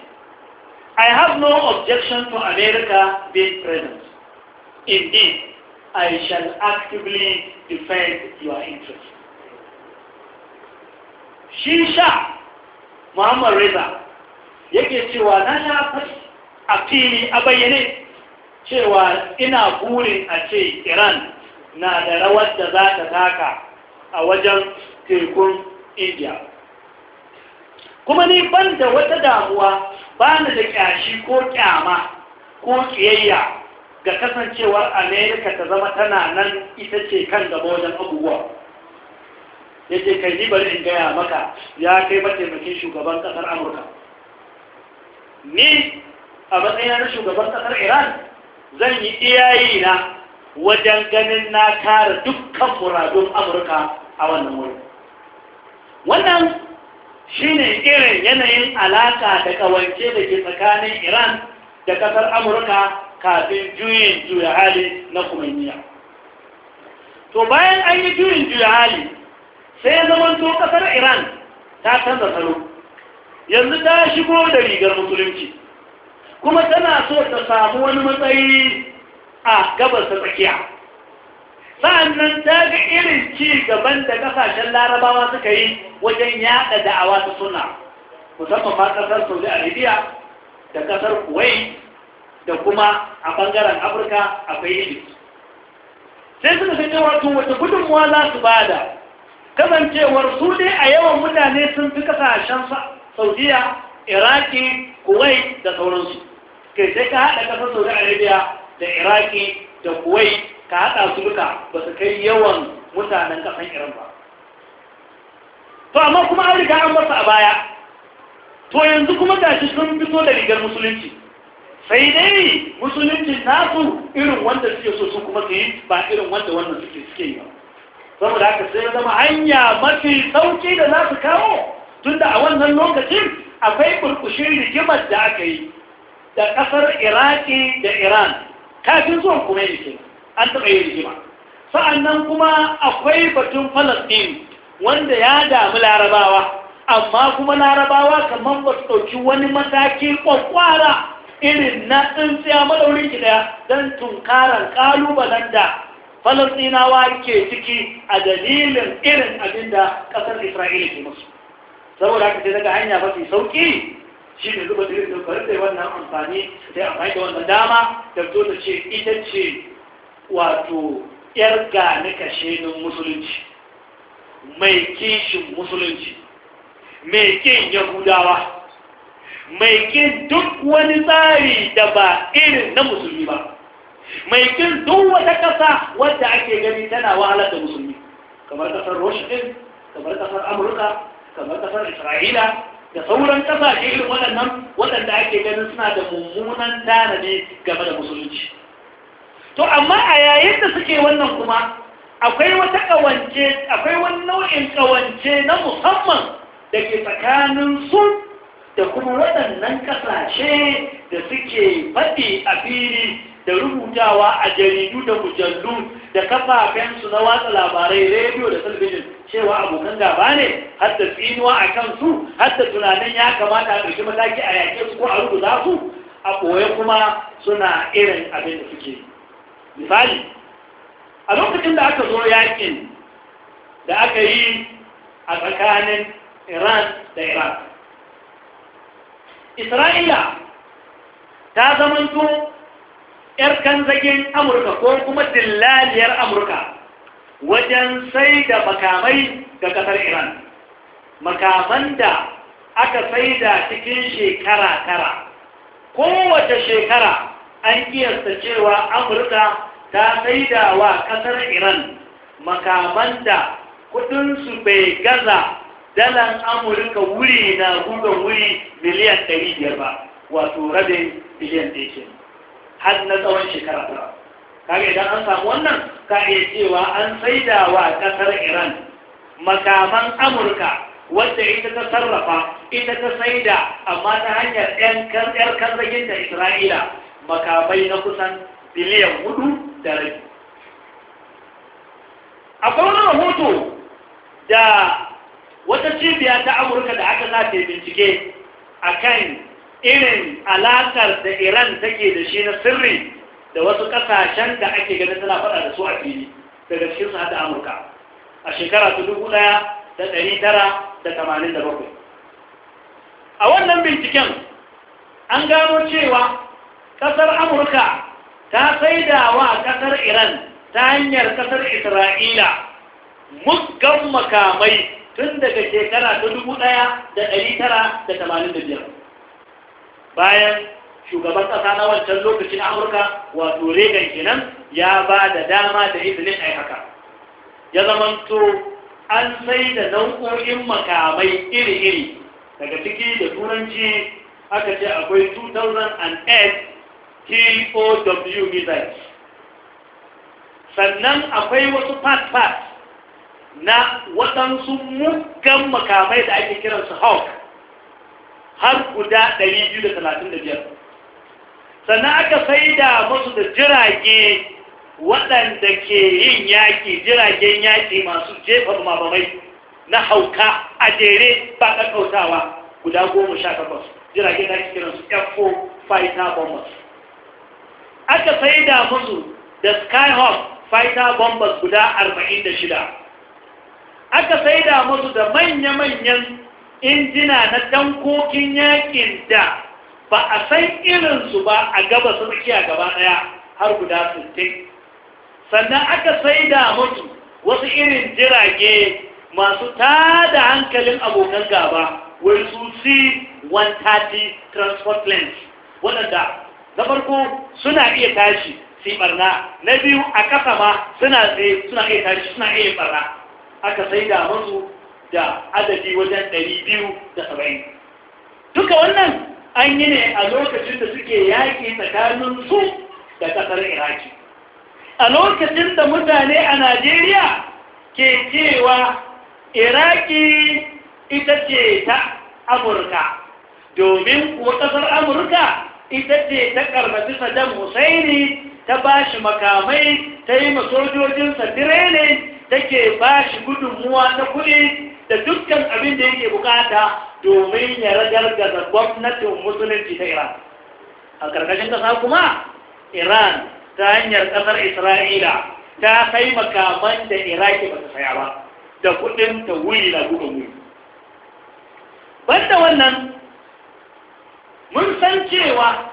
I have no objection to America being present. Indeed, I shall actively defend your interests. Shi sha Muhammad Reza yake cewa na ya a fili a bayyane cewa ina burin a ce Iran na da rawar da za ta taka a wajen tekun indiya kuma ni ban da wata damuwa ba ni da ƙyashi ko ƙyama ko ƙiyayya ga kasancewar amerika ta zama tana nan ita ce kan gaba wajen abubuwa ya ce kai ni bari in gaya maka ya kai mataimakin shugaban ƙasar amurka ni a matsayin shugaban ƙasar iran zan yi iyayi na wajen ganin na kare dukkan muradun amurka a wannan wuri wannan shine irin yanayin alaka da kawance da ke tsakanin iran da ƙasar amurka kafin juyin juya hali na kumanniya. to bayan an yi juyin juya hali sai zamanto ƙasar iran ta canza salo yanzu ta shigo da rigar musulunci kuma tana so ta samu wani matsayi a gabas ta tsakiya sa'annan ta ga irin ci gaban da kasashen larabawa suka yi wajen yada da'awa ta suna musamman ma kasar saudi arabia da kasar kuwait da kuma a bangaren afirka a egypt sai suka san a tun wata gudunmuwa za su bada kasancewar su dai a yawan mutane sun fi kasashen saudiya iraki kuwait da sauransu kai sai ka haɗa kasar saudi arabia da iraki da Kuwai ka haɗa su duka ba su kai yawan mutanen kasan iran ba to amma kuma an riga an a baya to yanzu kuma gashi sun fito da rigar musulunci sai dai musulunci nasu irin wanda suke so su kuma su yi ba irin wanda wannan suke suke yi saboda haka sai zama hanya mafi sauki da za su kawo tunda a wannan lokacin akwai burkushin rigimar da aka yi da ƙasar iraki da iran kafin zuwan kuma yake an taɓa yin rigima sa'annan kuma akwai batun falastin wanda ya damu larabawa amma kuma larabawa kamar ba su ɗauki wani mataki kwakwara irin na tsintsiya madaurin gida don tunkarar ƙalubalen da falastinawa ke ciki a dalilin irin abin da ƙasar isra'ila ke musu saboda haka sai daga hanya mafi sauƙi shi ne zuba da yadda bari da wannan amfani da ya amfani da wannan dama da fito ce ita ce wato yar gani kashenin musulunci mai kishin musulunci mai kin yahudawa mai kin duk wani tsari da ba irin na musulmi ba mai kin duk wata ƙasa wadda ake gani tana wahalar da musulmi kamar ƙasar roshin kamar ƙasar amurka kamar ƙasar isra'ila da sauran kasashe irin waɗannan waɗanda ake ganin suna da mummunan ne game da musulunci to amma a yayin da suke wannan kuma akwai wata ƙawance akwai wani nau'in ƙawance na musamman da ke tsakanin su da kuma waɗannan ƙasashe da suke faɗi a fili da rubutawa a jaridu da mujallu da kafafensu na watsa labarai rediyo da talabijin cewa abokan gaba ne har da tsinuwa a kansu har da tunanin ya kamata a ɗauki mataki a yaƙe su ko a rubuta su a ɓoye kuma suna irin abin da suke misali a lokacin da aka zo yaƙin da aka yi a tsakanin iran da iran isra'ila ta zamanto ‘yar zagin Amurka ko kuma dillaliyar Amurka wajen sai da makamai ga ƙasar Iran. Makaman da aka sai da cikin shekara tara. Kowace shekara an kiyasta cewa Amurka ta sai da wa ƙasar Iran makaman da kudinsu bai gaza dalan Amurka wuri na gudun wuri miliyan 500 ba, wato rabin biliyan ɗaya har na tsawon shekara tara kaga idan an samu wannan ka iya cewa an saida wa ƙasar iran makaman amurka wadda ita ta sarrafa ita ta saida amma ta hanyar yan karzagin da isra'ila makamai na kusan biliyan hudu da rabi A kwanar rahoto da wata cibiya ta amurka da aka za bincike a kan irin alaƙar da iran take da shi na sirri da wasu ƙasashen da ake ganin tana faɗa da su a fili daga cikin su hada amurka a shekara ta dubu ɗaya da ɗari tara da tamanin da bakwai a wannan binciken an gano cewa ƙasar amurka ta saida wa ƙasar iran ta hanyar ƙasar isra'ila muggan makamai tun daga shekara ta dubu ɗaya da ɗari tara da tamanin da biyar bayan shugaban ƙasa na wancan lokacin amurka wato reagan kenan ya ba da dama da izinin a haka ya zamanto an sai da nau'o'in makamai iri-iri daga ciki da turanci aka ce akwai 2008 TOW missiles sannan akwai wasu part-part na waɗansu muggan makamai da ake kiransu hawk har guda 235 sannan aka saida musu da jirage waɗanda ke yin yaƙi jiragen yaƙi masu jefa mamamai na hauka a jere ba ƙaƙautawa guda goma sha takwas jiragen da ake kiransu f4 fighter bombers aka saida musu da skyhawk fighter bombers guda 46 aka saida musu da manya-manyan injina na dankokin yakin da ba a san irinsu ba a gaba sun tsakiya gaba ɗaya har guda 60 sannan aka sai da mutu wasu irin jirage masu tada hankalin abokan gaba wai su c-130 transport planes waɗanda na farko suna iya tashi su barna na biyu a kasa ma suna iya tashi suna iya barna aka sai da mutu da adadi wajen ɗari biyu da saba'in duka wannan an yi ne a lokacin da suke yaƙi tsakanin su da ƙasar iraki a lokacin da mutane a najeriya ke cewa iraki ita ce ta amurka domin kuwa ƙasar amurka ita ce ta ƙarfafi saddam husaini ta ba shi makamai ta yi masojojinsa tirenin take ba shi gudunmuwa na kuɗi da dukkan abin da yake bukata domin ya ragar da gwamnatin musulunci ta Iran. A ƙarƙashin ƙasa kuma, Iran ta hanyar ƙasar Isra'ila ta sai makaman da Iraki ba ta saya ba, da kuɗin ta wuri na buga wuri. Banda wannan, mun san cewa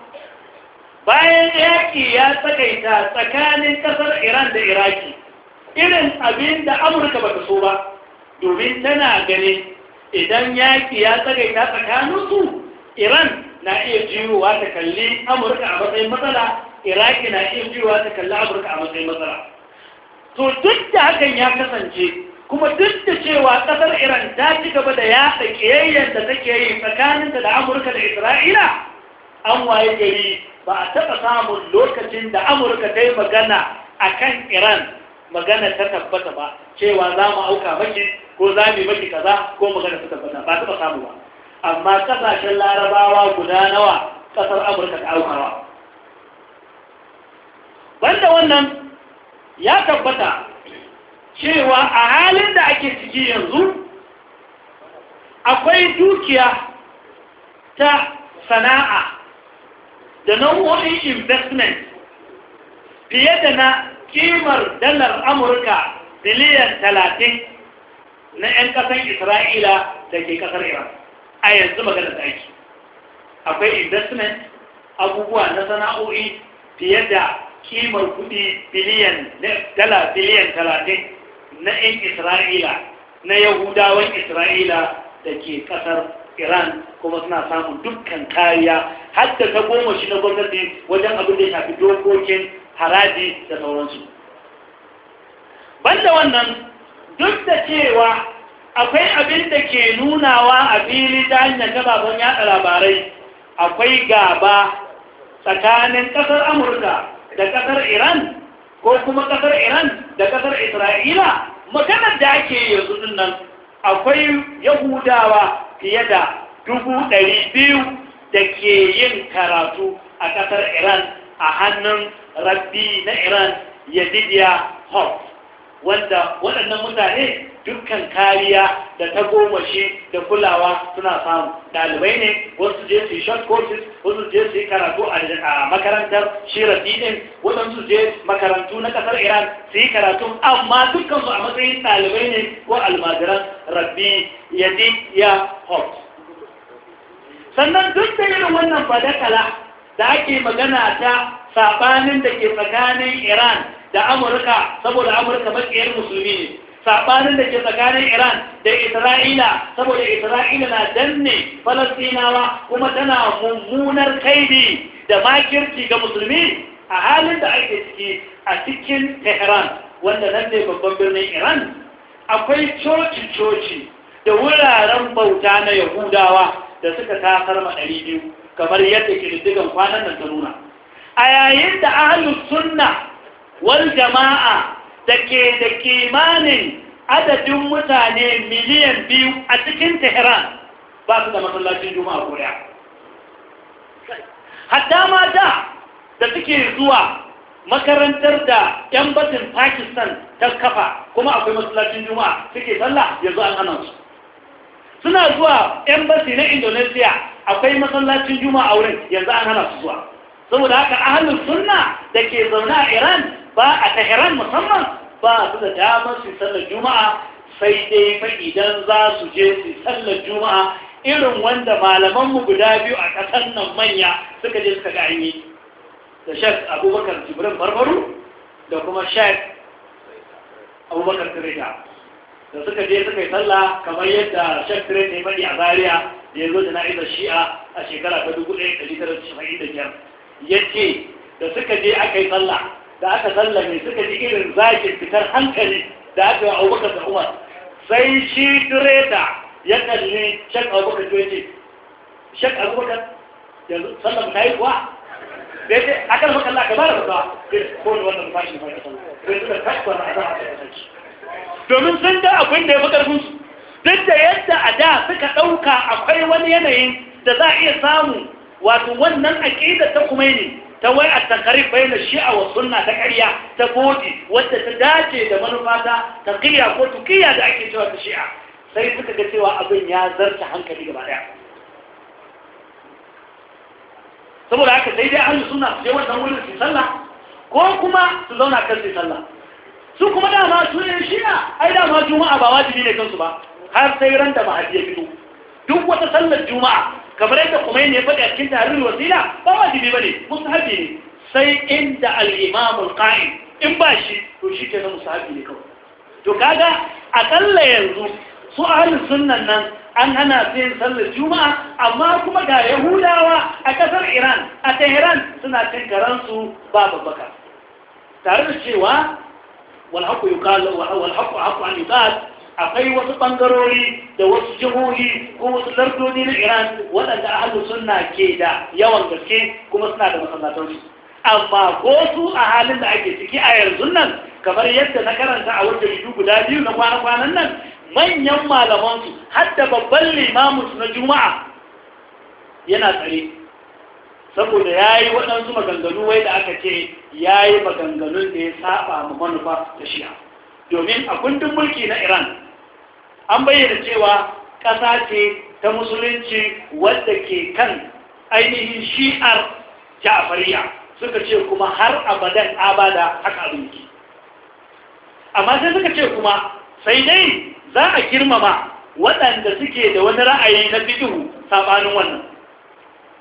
bayan yaƙi ya tsakaita tsakanin ƙasar Iran da Iraki, irin abin da Amurka ba ta so ba. domin tana ganin idan yaƙi ya tsagaita tsakaninsu iran na iya jirowa ta kalli amurka a matsayin matsala iraki na iya jirowa ta kalli amurka a matsayin matsala to duk da hakan ya kasance kuma duk da cewa ƙasar iran ta ci gaba da yaɗa ƙiyayyar da take yi tsakaninta da amurka da isra'ila an waye gari ba a taɓa samun lokacin da amurka ta yi magana a kan iran magana ta tabbata ba cewa za mu auka maki ko za mu maki kaza ko magana ta tabbata ba ta samu ba amma ƙasashen larabawa guda nawa ƙasar amurka ta aukawa wanda wannan ya tabbata cewa a halin da ake ciki yanzu akwai dukiya ta sana'a da nau'o'in investment fiye da na kimar dalar amurka biliyan talatin na 'yan ƙasar isra'ila da ke kasar iran a yanzu maganar da aiki akwai investment abubuwa na sana'o'i fiye da kimar kudi biliyan dala biliyan talatin na 'yan isra'ila na yahudawan isra'ila da ke kasar iran kuma suna samun dukkan kariya har ta goma shi na gwamnati wajen abin da ya shafi dokokin haraji da sauransu banda wannan duk da cewa akwai abin da ke nunawa a fili ta hanyar gababon yada labarai akwai gaba tsakanin ƙasar amurka da ƙasar iran ko kuma ƙasar iran da ƙasar isra'ila maganar da ake yanzu nan akwai yahudawa fiye da dubu ɗari biyu da ke yin karatu a ƙasar iran a hannun rabbi na iran yadidiya hot wanda waɗannan mutane dukkan kariya da ta gomashi da kulawa suna samu ɗalibai ne wasu je su yi short courses wasu je su yi karatu a makarantar shirar dinin waɗansu je makarantu na ƙasar iran su yi karatu amma dukkansu a matsayin ɗalibai ne ko almajiran rabbi yadi ya hot sannan duk da irin wannan fadakala da ake magana ta saɓanin da ke tsakanin iran da amurka saboda amurka matsayar musulmi ne saɓanin da ke tsakanin iran da isra'ila saboda isra'ila na danne falastinawa kuma tana mummunar kaidi da makirci ga musulmi a halin da ake ciki a cikin tehran wanda nan ne babban birnin iran akwai coci-coci da wuraren bauta na yahudawa da suka tasar ma biyu kamar yadda ƙididdigan kwanan nan ta nuna a yayin da ahalus sunna wal jama'a da ke da kimanin adadin mutane miliyan biyu a cikin tehran ba su da masallacin juma'a guda hatta mata da suke zuwa makarantar da yan batin pakistan ta kafa kuma akwai masallacin juma'a suke sallah yanzu an hana su suna zuwa yan na indonesia akwai masallacin juma'a wurin yanzu an hana su zuwa saboda haka ahalin sunna da ke zaune a iran ba a iran musamman ba su da damar su sallar juma'a sai dai fa idan za su je su sallar juma'a irin wanda malamanmu guda biyu a ƙasar nan manya suka je suka ga yi da shek abubakar jibrin barbaru da kuma shek abubakar tirita da suka je suka yi sallah kamar yadda shek tirita ya faɗi a Zariya, da ya zo da na'izar shi'a a shekara ta 1995 yake da suka je aka yi sallah da aka sallame suka ji irin zakin fitar hankali da aka yi abubakar da umar sai shi direta ya kalli shek abubakar ya ce shek abubakar yanzu sallam ta yi kuwa da ya ce a kan makalla ka bara ba ko da wannan fashin ba ka sallah sai suka kasuwa na azan a kasance domin sun da abin da ya fi karfin su duk da yadda a da suka ɗauka akwai wani yanayin da za a iya samu wato wannan aqida ta ne ta wai a takarif bayan shi'a wa sunna ta ƙarya ta goji wadda ta dace da manufata ta ƙiya ko tukiya da ake cewa ta shi'a sai suka ga cewa abin ya zarta hankali gaba ɗaya saboda haka sai dai ahlus sunna su je wannan wurin su sallah ko kuma su zauna kan su sallah su kuma dama su ne shi'a ai dama juma'a ba wajibi ne kansu ba har sai ran da mahadi ya fito duk wata sallar juma'a kamar yadda kuma ne faɗi a cikin tarihin wasila ba wajibi bane musahabi ne sai inda al-imamul in ba shi to shi ke na musahabi ne kawai to kaga akalla yanzu su ahlus sunnan nan an hana sayin sallar juma'a amma kuma ga yahudawa a kasar iran a tehran suna cin karansu ba babbaka tare da cewa walhaku yuqal walhaku haqqu an yuqal akwai wasu bangarori da wasu jihohi ko wasu lardoni na iran waɗanda ahalu suna ke da yawan gaske kuma suna da masallatansu amma ko su a halin da ake ciki a yanzu nan kamar yadda na karanta a wajen biyu guda biyu na kwana-kwanan nan manyan malamansu har da babban limamus na juma'a yana tsare saboda ya yi waɗansu maganganu wai da aka ce ya yi maganganun da ya saba ma manufa da shi'a domin a kundin mulki na iran an bayyana cewa ƙasa ce ta musulunci wadda ke kan ainihin shi'ar Jafariya, suka ce kuma har abadan abada haka abinci amma sai suka ce kuma sai dai za a girmama waɗanda suke da wani ra'ayi na bidihu saɓanin wannan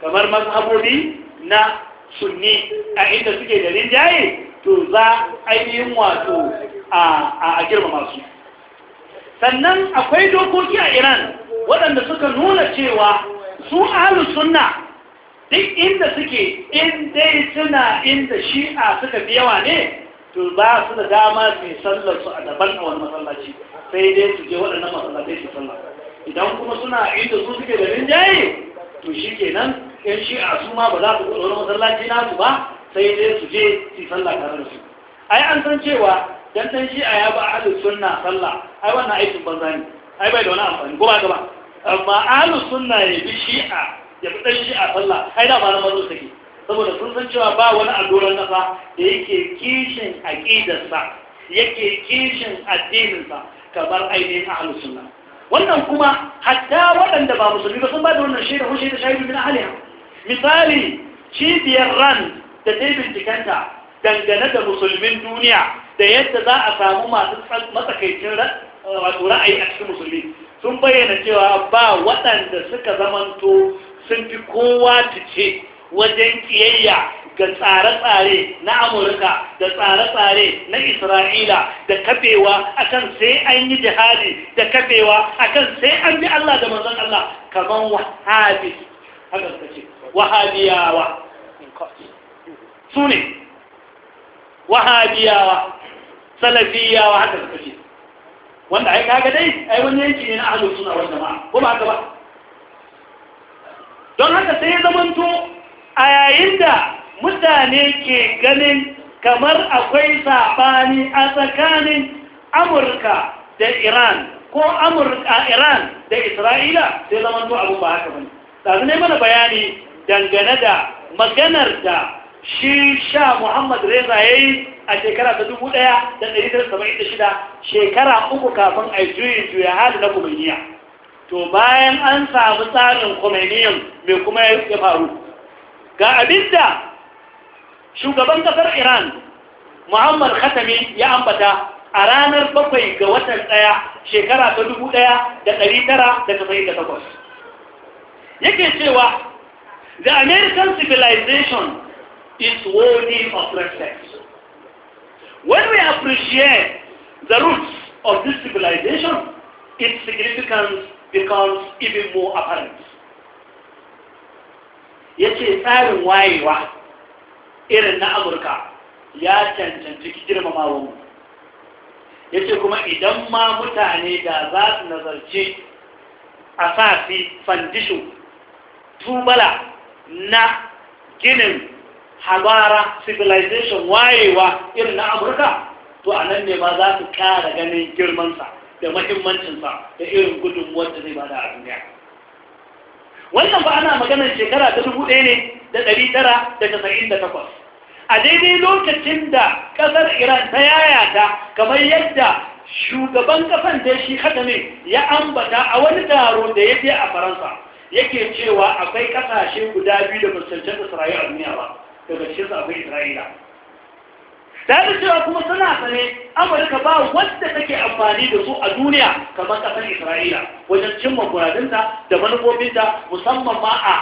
kamar mazhabobi na sunni a inda suke da rinjaye to za ainihin wato a girmama su sannan akwai dokoki a iran waɗanda suka nuna cewa su Alu sunna duk inda suke in dai suna inda shi'a suka fi yawa ne to ba su da dama su yi sallar su a daban a wani masallaci sai dai su je waɗannan masallatai su sallar idan kuma suna inda su suke da rinjaye to shi kenan yan shi'a su ma ba za su wani masallaci nasu ba sai dai su je su sallah tare da su ai an san cewa dan dan shi'a ya ba ahlus sunna sallah ai wannan aikin banza ne ai bai da wani amfani ko ba ga amma ahlus sunna ya bi shi'a ya bi dan shi'a sallah ai da ba na manzo take saboda sun san cewa ba wani a nasa da yake kishin sa yake kishin addininsa kamar ainihin ahlus sunna wannan kuma hatta waɗanda ba musulmi ba sun ba da wannan shaida ko shaida shaidu min ahliha misali cibiyar ran da ta bincikanta dangane da musulmin duniya da yadda za a samu masu matsakaicin ra'ayi a cikin musulmi sun bayyana cewa ba waɗanda suka zamanto sun fi kowa tice wajen ƙiyayya ga tsare-tsare na amurka da tsare-tsare na isra'ila da kafewa akan sai an yi jihadi da kafewa akan sai an bi allah da manzan allah kamar wahabi haka wahabiyawa su ne wahabiyawa salafiyawa haka da kashi wanda ai kaga dai ai wani yanki ne na ahlus sunna wal jamaa ko ba haka ba don haka sai zamanto a yayin da mutane ke ganin kamar akwai sabani a tsakanin Amurka da Iran ko Amurka Iran da Isra'ila sai zamanto abu ba haka bane da ne mana bayani dangane da maganar da shi sha muhammad reza ya yi a shekara ta dubu ɗaya da ɗari tara saba'in da shida shekara uku kafin a juyin juya hali na kumeniya to bayan an samu tsarin kumeniyan mai kuma ya faru ga abinda shugaban kasar iran muhammad khatami ya ambata a ranar bakwai ga watan ɗaya shekara ta dubu ɗaya da ɗari tara da tasa'in da takwas yake cewa the american civilization is worthy of respect. When we appreciate the roots of this civilization, its significance becomes even more apparent. Ya ce tsarin wayewa irin na Amurka ya cancanci girmamawa mu. Ya ce kuma idan ma mutane da za su nazarci a sa fi fandisho tubala na ginin habara civilization wayewa irin na amurka to a nan ne ma za su kara ganin girmansa da mahimmancinsa da irin gudun wanda zai bada a duniya wannan ba ana maganar shekara ta dubu ɗaya ne da ɗari tara da tasa'in da takwas a daidai lokacin da ƙasar iran ta yayata kamar yadda shugaban ƙasan da shi haka ne ya ambata a wani taro da ya je a faransa yake cewa akwai ƙasashe guda biyu da musulcin isra'ila a duniya ba daga cikin sabon isra'ila ta cewa kuma suna sane amurka ba wadda take amfani da su a duniya kamar kasar isra'ila wajen cimma muradinta da manufofinta musamman ma a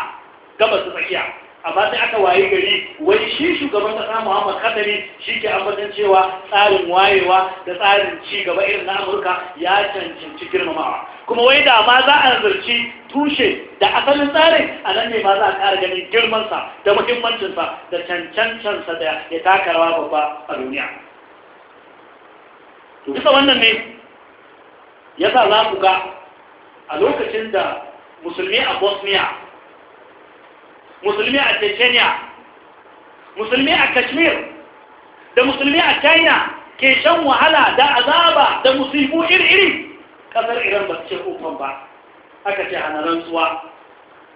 gabas tsakiya amma sai aka waye gari wai shi shugaban kasa Muhammad Khatami shi ke ambatan cewa tsarin wayewa da tsarin ci gaba irin na Amurka ya cancanci girmamawa kuma wai da ma za a zarci tushe da asalin tsarin a nan ne ma za a ƙara ganin girmansa da muhimmancinsa da cancancansa da ya taka rawa babba a duniya to duka wannan ne yasa za ku ga a lokacin da musulmi a Bosnia musulmi a chechnya musulmi a kashmir da musulmi a china ke shan wahala da azaba da musifu iri-iri kasar iran ba ce kofan ba aka ce hana rantsuwa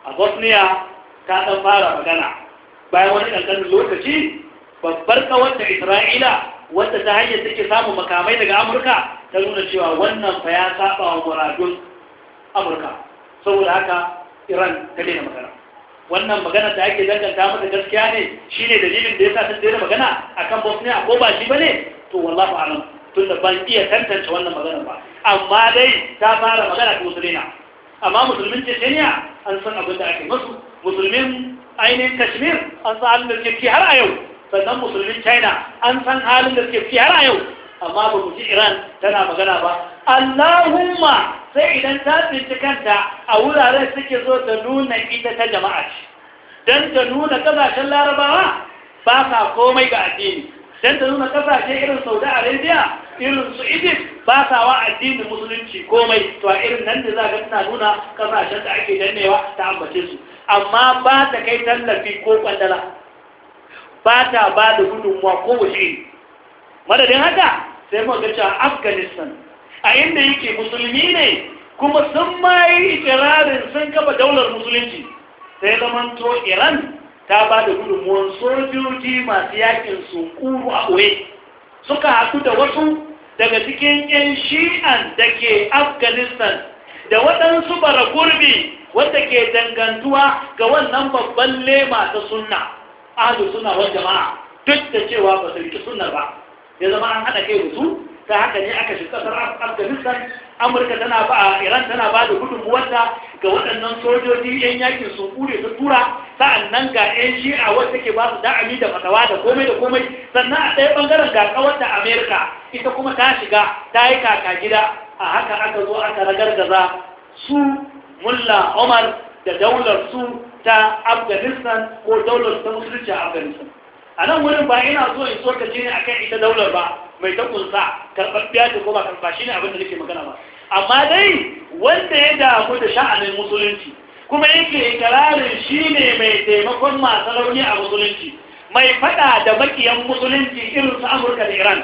a bosnia ta ɗan fara magana bayan wani ƙanƙanin lokaci babbar kawar da isra'ila wadda ta hanyar take samun makamai daga amurka ta nuna cewa wannan fa ya saba wa muradun amurka saboda haka iran ta daina magana wannan magana da ake danganta mata gaskiya ne shi ne dalilin da ya sa ta tsere magana a kan Bosnia ko ba shi ne to wallahi alam tun da ban iya tantance wannan magana ba amma dai ta fara magana ta musulina amma musulmin Chechnya an san abin da ake musu musulmin ainihin Kashmir an san halin da suke fi har a yau sannan musulmin China an san halin da suke fi har a yau amma ba mu ji Iran tana magana ba Allahumma sai idan ta tsinci kanta a wuraren suke zo da nuna ita ta jama'a ce don ta nuna kasashen larabawa ba sa komai ga addini don ta nuna kasashe irin saudi arabia irin su egypt ba sa wa addinin musulunci komai to a irin nan da za ka tana nuna kasashen da ake dannewa ta ambace su amma ba ta kai tallafi ko kwandala ba ta ba da gudunmuwa ko wuce madadin haka sai mu ga cewa afghanistan a inda yake musulmi ne kuma sun ma yi ikirarin sun kafa daular musulunci sai zamanto iran ta ba da gudunmuwan sojoji masu yakin su kuru a ɓoye suka haɗu da wasu daga cikin 'yan shi'an da ke afghanistan da waɗansu bara gurbi wanda ke dangantuwa ga wannan babban lema ta sunna ahalu suna wa jama'a duk da cewa ba su ta sunna ba ya zama an haɗa kai da su ta haka ne aka shi kasar afghanistan amurka tana ba a iran tana ba da wanda ga waɗannan sojoji yan yakin sun kure ta tura sa'annan ga yan shi'a wanda ke ba su da'ami da fatawa da komai da komai sannan a ɗaya ɓangaren ga kawarta amerika ita kuma ta shiga ta yi kaka gida a haka aka zo aka ragargaza su mulla omar da daular su ta afghanistan ko daular ta musulunci a afghanistan a nan wurin ba yana so in tsorkace a akan ita daular ba mai ta kunsa karɓar kuma ko ba karɓa shi ne abin da nake magana ba amma dai wanda ya damu da sha'anin musulunci kuma yake ikirarin shi ne mai taimakon masu rauni a musulunci mai faɗa da makiyan musulunci irin su amurka da iran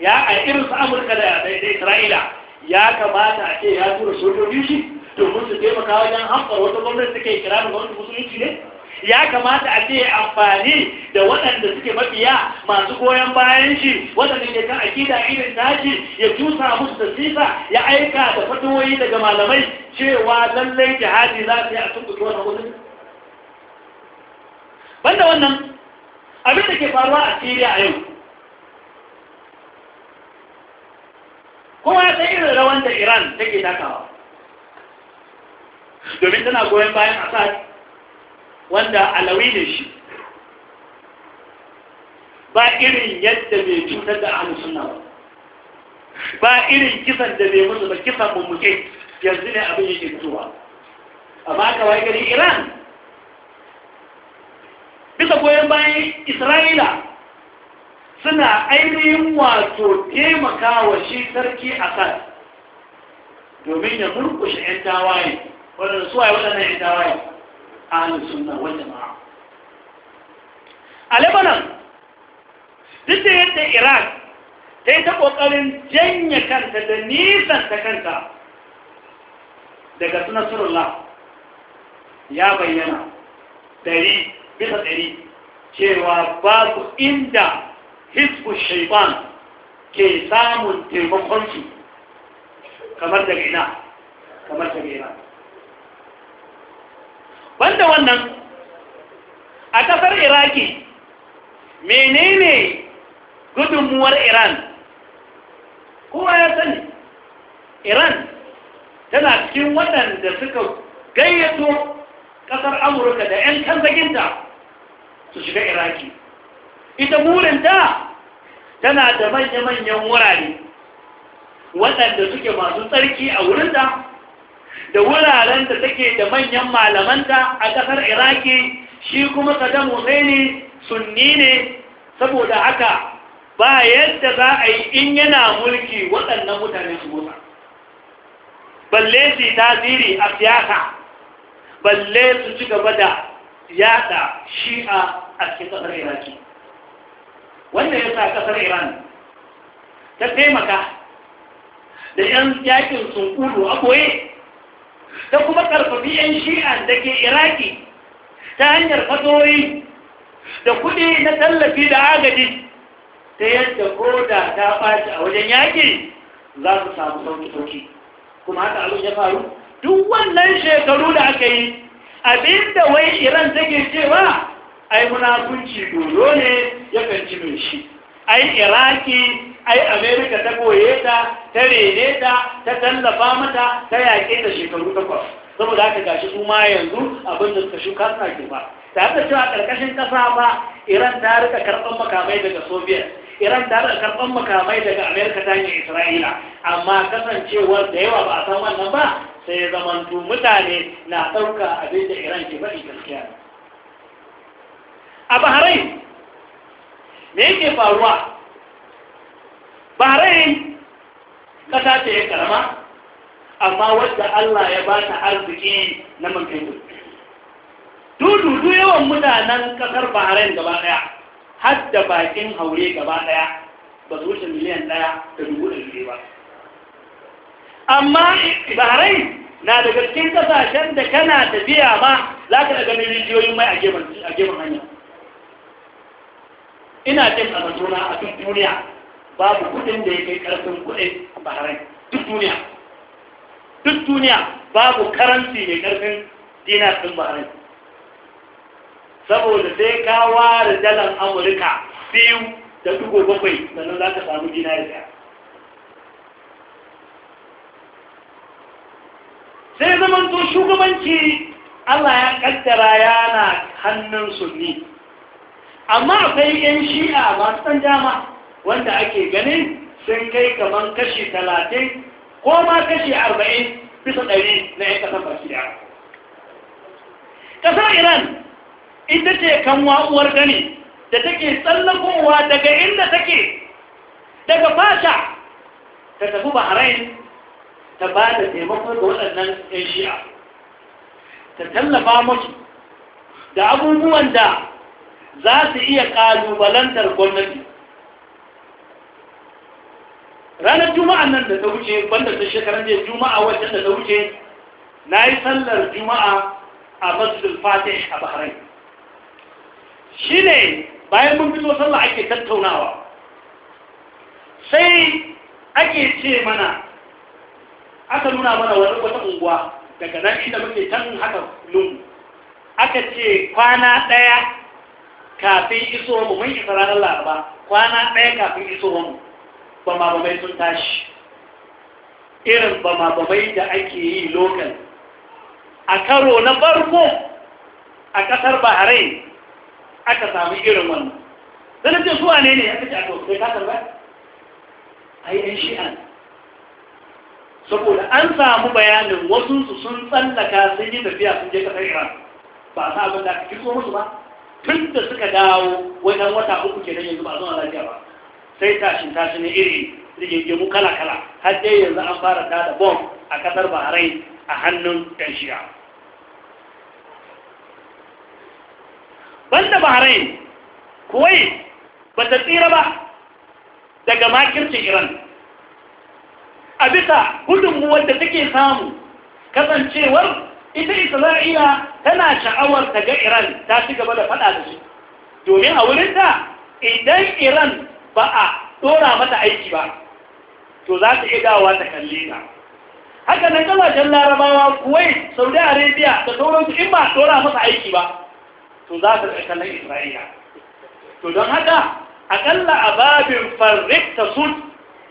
ya a irin su amurka da isra'ila ya kamata a ce ya tura sojoji shi domin su taimaka wajen hamfar wata gwamnati ke ikirarin wani musulunci ne ya kamata a ce amfani da waɗanda suke mafiya masu goyon bayan shi waɗanda ke kan akida irin naji ya cusa musu tasisa ya aika da fatuwoyi daga malamai cewa lallai jihadi za su yi a tunkuki wani musulmi banda wannan abin da ke faruwa a siriya a yau kuma ya san irin rawan da iran take takawa domin tana goyon bayan asad wanda alawi ne shi ba irin yadda bai cutar da ahlus suna ba ba irin kisan da bai musu ba kisan mummuke yanzu ne abin yake fitowa amma kawai gari iran bisa goyon bayan isra'ila suna ainihin wato taimaka wa shi sarki a kan domin ya murkushe 'yan tawaye wadanda suwaye wadanda 'yan tawaye ahalin sunna wal jama'a a lebanon duk da yadda iran ta yi ta ƙoƙarin janye kanta da nisan ta kanta daga sunasarullah ya bayyana ɗari bisa ɗari cewa ba su inda hizbu shaiban ke samun taimakonsu kamar daga ina kamar daga ina banda wannan a ƙasar iraki menene gudunmuwar iran kowa ya sani iran tana cikin waɗanda suka gayyato ƙasar amurka da 'yan kanzaginta su shiga iraki ita burinta tana da manya-manyan wurare waɗanda suke masu tsarki a wurinta da wuraren da take da manyan malamanta a ƙasar iraki shi kuma saddam husaini sunni ne saboda haka ba yadda za a yi in yana mulki waɗannan mutane su motsa balle su tasiri a siyasa balle su ci gaba da yada shi'a a cikin ƙasar iraki wanda yasa sa ƙasar iran ta taimaka da 'yan yakin sun akwai? a koyi ta kuma ƙarfafi 'yan shi'a da ke iraki ta hanyar fatori da kuɗi na tallafi da agadi ta yadda koda ta ɓaci a wajen yaƙi za su samu sauki-sauki kuma haka abin ya faru duk wannan shekaru da aka yi abinda wai iran take cewa ai munafunci dole ne yakan ci mai shi ai iraki ai amerika ta goye ta ta rene ta ta tallafa mata ta yaƙe ta shekaru takwas saboda haka gashi su ma yanzu abin da suka shuka suna girma ta da cewa ƙarƙashin ƙasa ba iran ta rika karɓar makamai daga soviet iran ta rika karɓar makamai daga amerika ta hanyar isra'ila amma kasancewar da yawa ba a san wannan ba sai zamantu mutane na ɗauka abin da iran ke faɗi gaskiya a bahrain me yake faruwa barai kasa ce ya karama amma wadda Allah ya ba ta arziki na man fetur dududu yawan mutanen kasar bahrain gaba daya har da bakin haure gaba daya ba su wuce miliyan daya da dubu da ba amma bahrain na daga cikin kasashen da kana tafiya ba. za ka daga rijiyoyin mai a gefen hanya ina jin a majona a duk duniya babu kudin da ya kai karfin kudin bahrain duk duniya duk duniya babu karanci mai karfin dinar din bahrain saboda sai ka ware dalar amurka biyu da dugo bakwai sannan za ka samu dinar ɗaya sai zamanto shugabanci Allah ya kaddara yana hannun sunni amma akwai 'yan shi'a masu ɗan dama wanda ake ganin sun kai kamar kashi talatin ko ma kashi arba'in bisa ɗari na 'yan ƙasar baki da ƙasar iran ita ce kan wa'uwar gani da take tsallakowa daga inda take daga fasha ta tafi bahrain ta ba da taimako ga waɗannan 'yan shi'a ta tallafa musu da abubuwan da za su iya ƙalubalantar gwamnati ranar juma'a nan da ta wuce banda ta shekarar ne juma'a wajen da ta wuce na yi sallar juma'a a masu fatih a bahrain shi ne bayan mun fito sallah ake tattaunawa sai ake ce mana aka nuna mana wani wata unguwa daga nan inda muke can haka lungu aka ce kwana ɗaya kafin iso mu mun isa ranar laraba kwana ɗaya kafin iso mu ba bamai sun tashi irin bama-bamai da ake yi lokal a karo na farko a ƙasar bahrain aka samu irin wannan zanen ce suwa ne ne ya fi jato sai kasar ba a yi ɗan an saboda an samu bayanin wasu sun tsallaka sun yi tafiya sun je kasar iran ba a sa abin da aka kiso musu ba tun da suka dawo wai dan wata uku ke yanzu ba zuwa lafiya ba sai tashin tashi ne iri rigingimu kala kala har dai yanzu an fara da bom a kasar bahrain a hannun yan banda bahrain kuwai ba ta tsira ba daga makircin iran a bisa gudunmuwar da take samu kasancewar ita isra'ila tana sha'awar ta ga iran ta ci gaba da faɗa da shi domin a wurin ta idan iran ba a ɗora mata aiki ba to za ta iya dawa ta kalli ta haka nan kasashen larabawa kuwai saudi arabia da su in ba a ɗora masa aiki ba to za ta iya kallon isra'ila to don haka akalla a babin farrik ta sun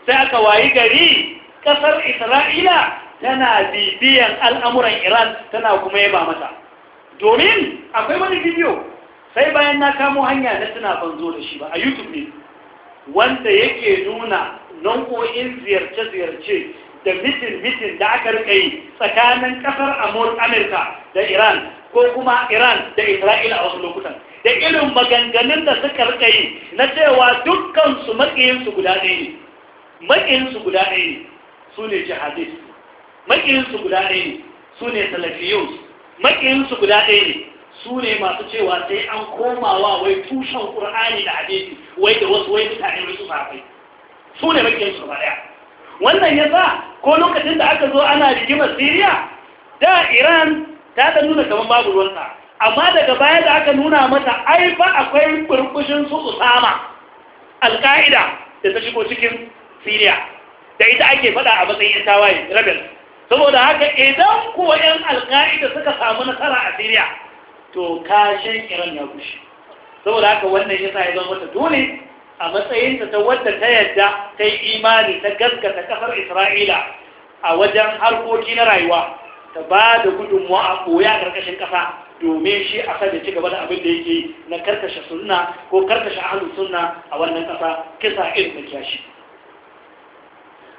sai aka wayi gari ƙasar isra'ila tana bibiyan al'amuran iran tana kuma yaba mata domin akwai wani bidiyo sai bayan na kamo hanya na tuna banzo da shi ba a youtube ne wanda yake nuna nau'o'in ziyarce-ziyarce da mitin-mitin da aka rika yi tsakanin kasar amurka da iran ko kuma iran da isra'ila a wasu lokutan da irin maganganun da suka rika yi na cewa dukkansu su guda ɗaya ne guda ɗaya ne su ne jihadis guda ɗaya ne su ne salafiyos maƙiyinsu guda ɗaya ne su ne masu cewa sai an komawa wai tushen ƙur'ani da hadisi wai da wasu wai mutane wasu su ne makiyinsu ba ɗaya wannan ya sa ko lokacin da aka zo ana rigimar siriya da iran ta ta nuna kamar babu ruwansa amma daga baya da aka nuna mata ai ba akwai burbushin su usama alka'ida da ta shigo cikin siriya da ita ake faɗa a matsayin tawaye rebels saboda haka idan kuwa 'yan alka'ida suka samu nasara a siriya to kashin iran ya gushi saboda haka wannan yasa ya zama ta dole a matsayinta ta wadda ta yadda ta yi imani ta gaskata kasar isra'ila a wajen harkoki na rayuwa ta ba da gudunmuwa a koya a ƙarƙashin ƙasa domin shi a sa da ci gaba da abin da yake na karkashe sunna ko karkashe ahalus sunna a wannan ƙasa kisa irin da kyashi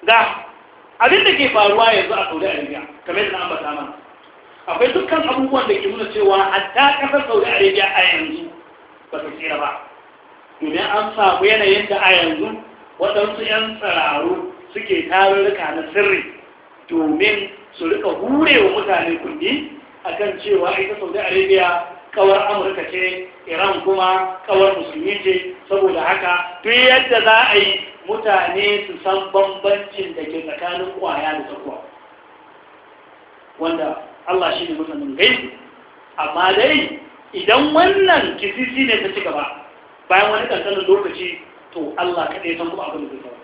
ga abin da ke faruwa yanzu a saudi arabia kamar yadda na ambata mana akwai dukkan abubuwan da ke nuna cewa hatta kasar saudi arabia a yanzu ba su tsira ba domin an samu yanayin da a yanzu waɗansu 'yan tsararru suke tarurruka na sirri domin su rika hure wa mutane a kan cewa ita saudi arabia ƙawar amurka ce iran kuma ƙawar musulmi ce saboda haka duk yadda za a yi mutane su san bambancin da ke tsakanin kwaya da takwa wanda Allah shi ne mutanen gai amma dai idan wannan kisisi ne ta ci gaba bayan wani ƙanƙanin lokaci to Allah kaɗai san kuma abin da zai faru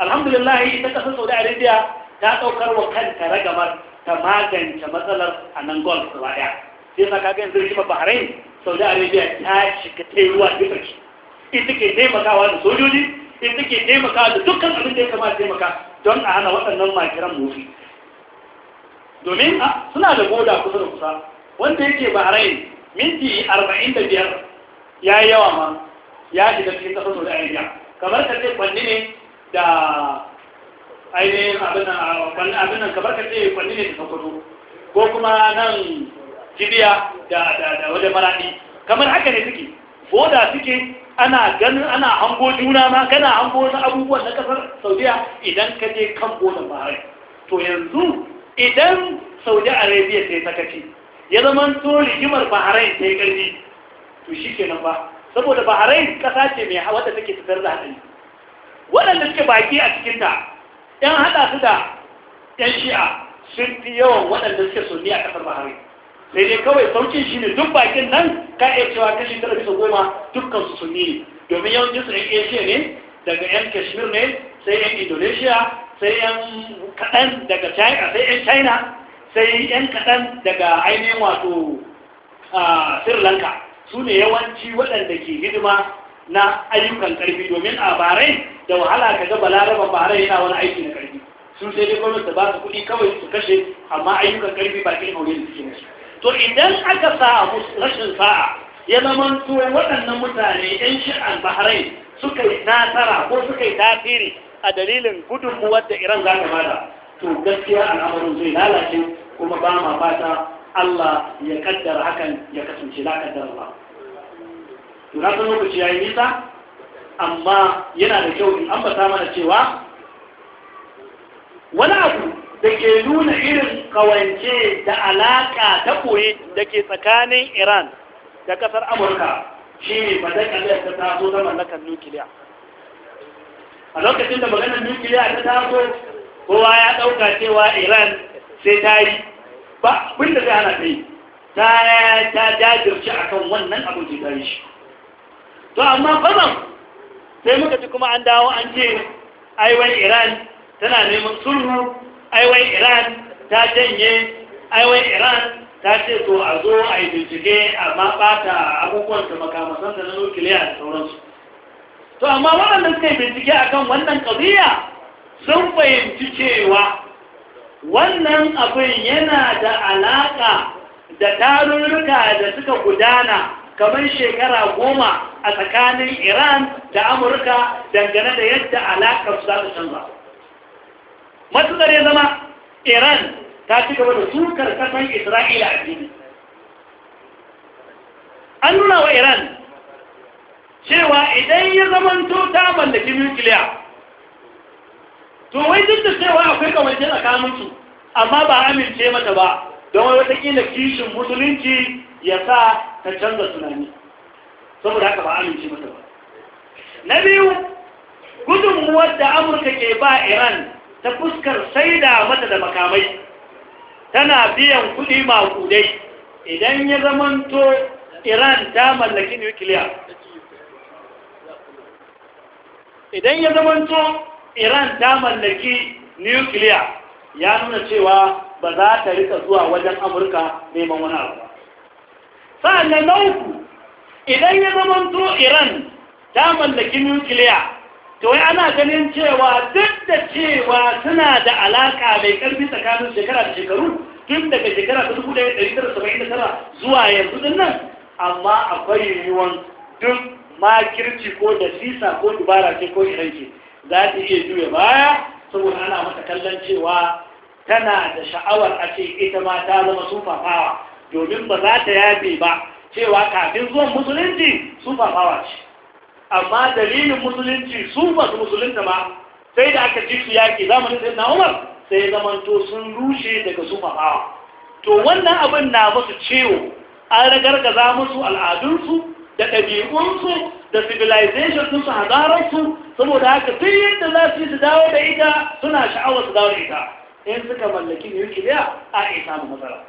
alhamdulillah ita ƙasar da arabiya ta ɗaukar wa kanta ragamar ta magance matsalar a nan golf gaba ɗaya sai sa kaga yanzu rikimar bahrain saudi arabia ta shiga ta yi ruwa ita ke taimakawa da sojoji sai take taimaka da dukkan abin da ya kamata taimaka don a hana waɗannan makiran mufi domin ah, suna da goda kusa da kusa wanda yake rai minti arba'in da biyar ya yi yawa ma ya shiga cikin ƙasar da arabia kamar ka ce kwanne ne da ainihin abin nan ah, kamar ka ce kwanne ne da sokoto ko kuma nan jibiya da wajen maraɗi kamar haka ne suke boda suke ana ganin ana hango juna ma kana hango na abubuwan na kasar saudiya idan ka je kan gonan bahari to yanzu idan saudi arabia ta yi sakaci ya zama to jimar bahari ta yi ƙarfi to shi kenan ba saboda bahari kasa ce mai wadda take fitar da hadari waɗanda suke baki a cikinta ‘yan haɗa su da ‘yan shi'a sun fi yawan waɗanda suke sunni a ƙasar bahari sai dai kawai saukin shi ne duk bakin nan ka iya cewa kashi tara bisa goma dukkan su sunni ne domin yawancin su yan asia ne daga yan kashmir ne sai yan indonesia sai yan kaɗan daga china sai yan china sai yan kaɗan daga ainihin wato sri lanka su ne yawanci waɗanda ke hidima na ayyukan ƙarfi domin a barai da wahala ka ga balaraba barai yana wani aiki na ƙarfi sun sai dai gwamnati ba su kuɗi kawai su kashe amma ayyukan ƙarfi ba ƙin aure da suke shi. to idan aka samu rashin sa'a ya zama tuwai waɗannan mutane yan shi'an bahrain suka yi nasara ko suka yi tasiri a dalilin gudunmuwar da iran za ta bada to gaskiya al'amarin zai lalace kuma ba ma fata allah ya kaddara hakan ya kasance la kaddara ba to na san lokaci ya yi nisa amma yana da kyau in ambata mana cewa wani abu da ke nuna irin kawance da alaƙa ta koyi da ke tsakanin iran da ƙasar amurka shi ne fadakalar ta taso ta mallakar nukiliya a lokacin da maganar nukiliya ta taso kowa ya ɗauka cewa iran sai ta yi ba kun da zai hana ta yi ta jajirce a kan wannan abokin da yi shi to amma fazan sai muka ci kuma an dawo an ce aiwan iran tana neman sulhu aiwai iran ta janye aiwai iran ta ce to a zo a yi bincike amma bata abubuwan da makamasan da na nukiliya da sauransu to amma waɗanda suka yi bincike akan wannan ƙabiya sun fahimci cewa wannan abin yana da alaƙa da tarurruka da suka gudana kamar shekara goma a tsakanin iran da amurka dangane da yadda alaƙar su za ta canza matsalar ya zama iran ta ci gaba da sukar kasan isra'ila a jini an nuna wa iran cewa idan ya to ta mallaki nukiliya to wai duk da cewa akwai kamance tsakaninsu amma ba amince mata ba don wai watakila kishin musulunci ya sa ta canza tunani saboda haka ba amince mata ba na biyu gudunmuwar da amurka ke ba iran ta fuskar sai da mata da makamai tana biyan kuɗi maƙudai idan ya zamanto iran ta mallaki nukiliya idan ya zamanto iran ta mallaki nukiliya ya nuna cewa ba za ta rika zuwa wajen amurka neman wani abu sa'an na uku idan ya zamanto iran ta mallaki nukiliya to wai ana ganin cewa duk da cewa suna da alaka mai karfi tsakanin shekara da shekaru tun daga shekara ta dubu tara tara zuwa yanzu din nan amma akwai yiwuwan duk makirci ko da sisa ko dubara ce ko iran ce za ta iya juya baya saboda ana mata kallon cewa tana da sha'awar a ce ita ma ta zama sufafawa domin ba za ta yabe ba cewa kafin zuwan musulunci sufafawa ce amma dalilin musulunci su masu musulun musulunta ba sai da aka ji su yaƙi zamanin sai na umar sai zamanto sun rushe daga su fafawa to wannan abin na musu ciwo an ragargaza musu al'adunsu da ɗabi'unsu da civilization su hazararsu saboda haka sun yadda za su yi su dawo da ita suna sha'awar su dawo da ita in suka mallaki nukiliya a isa mu matsala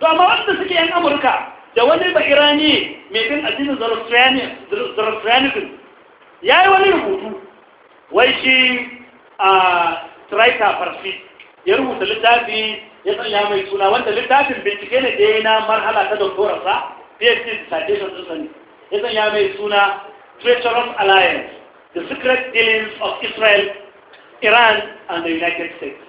to amma wanda suke yan amurka da wani bakirani mai bin addinin zarastranikin ya yi wani rubutu wai shi a traita farsi ya rubuta littafi ya tsanya mai suna wanda littafin bincike ne da ya na marhala ta doktorarsa phd citation sun sani ya tsanya mai suna treacherous alliance the secret dealings of israel iran and the united states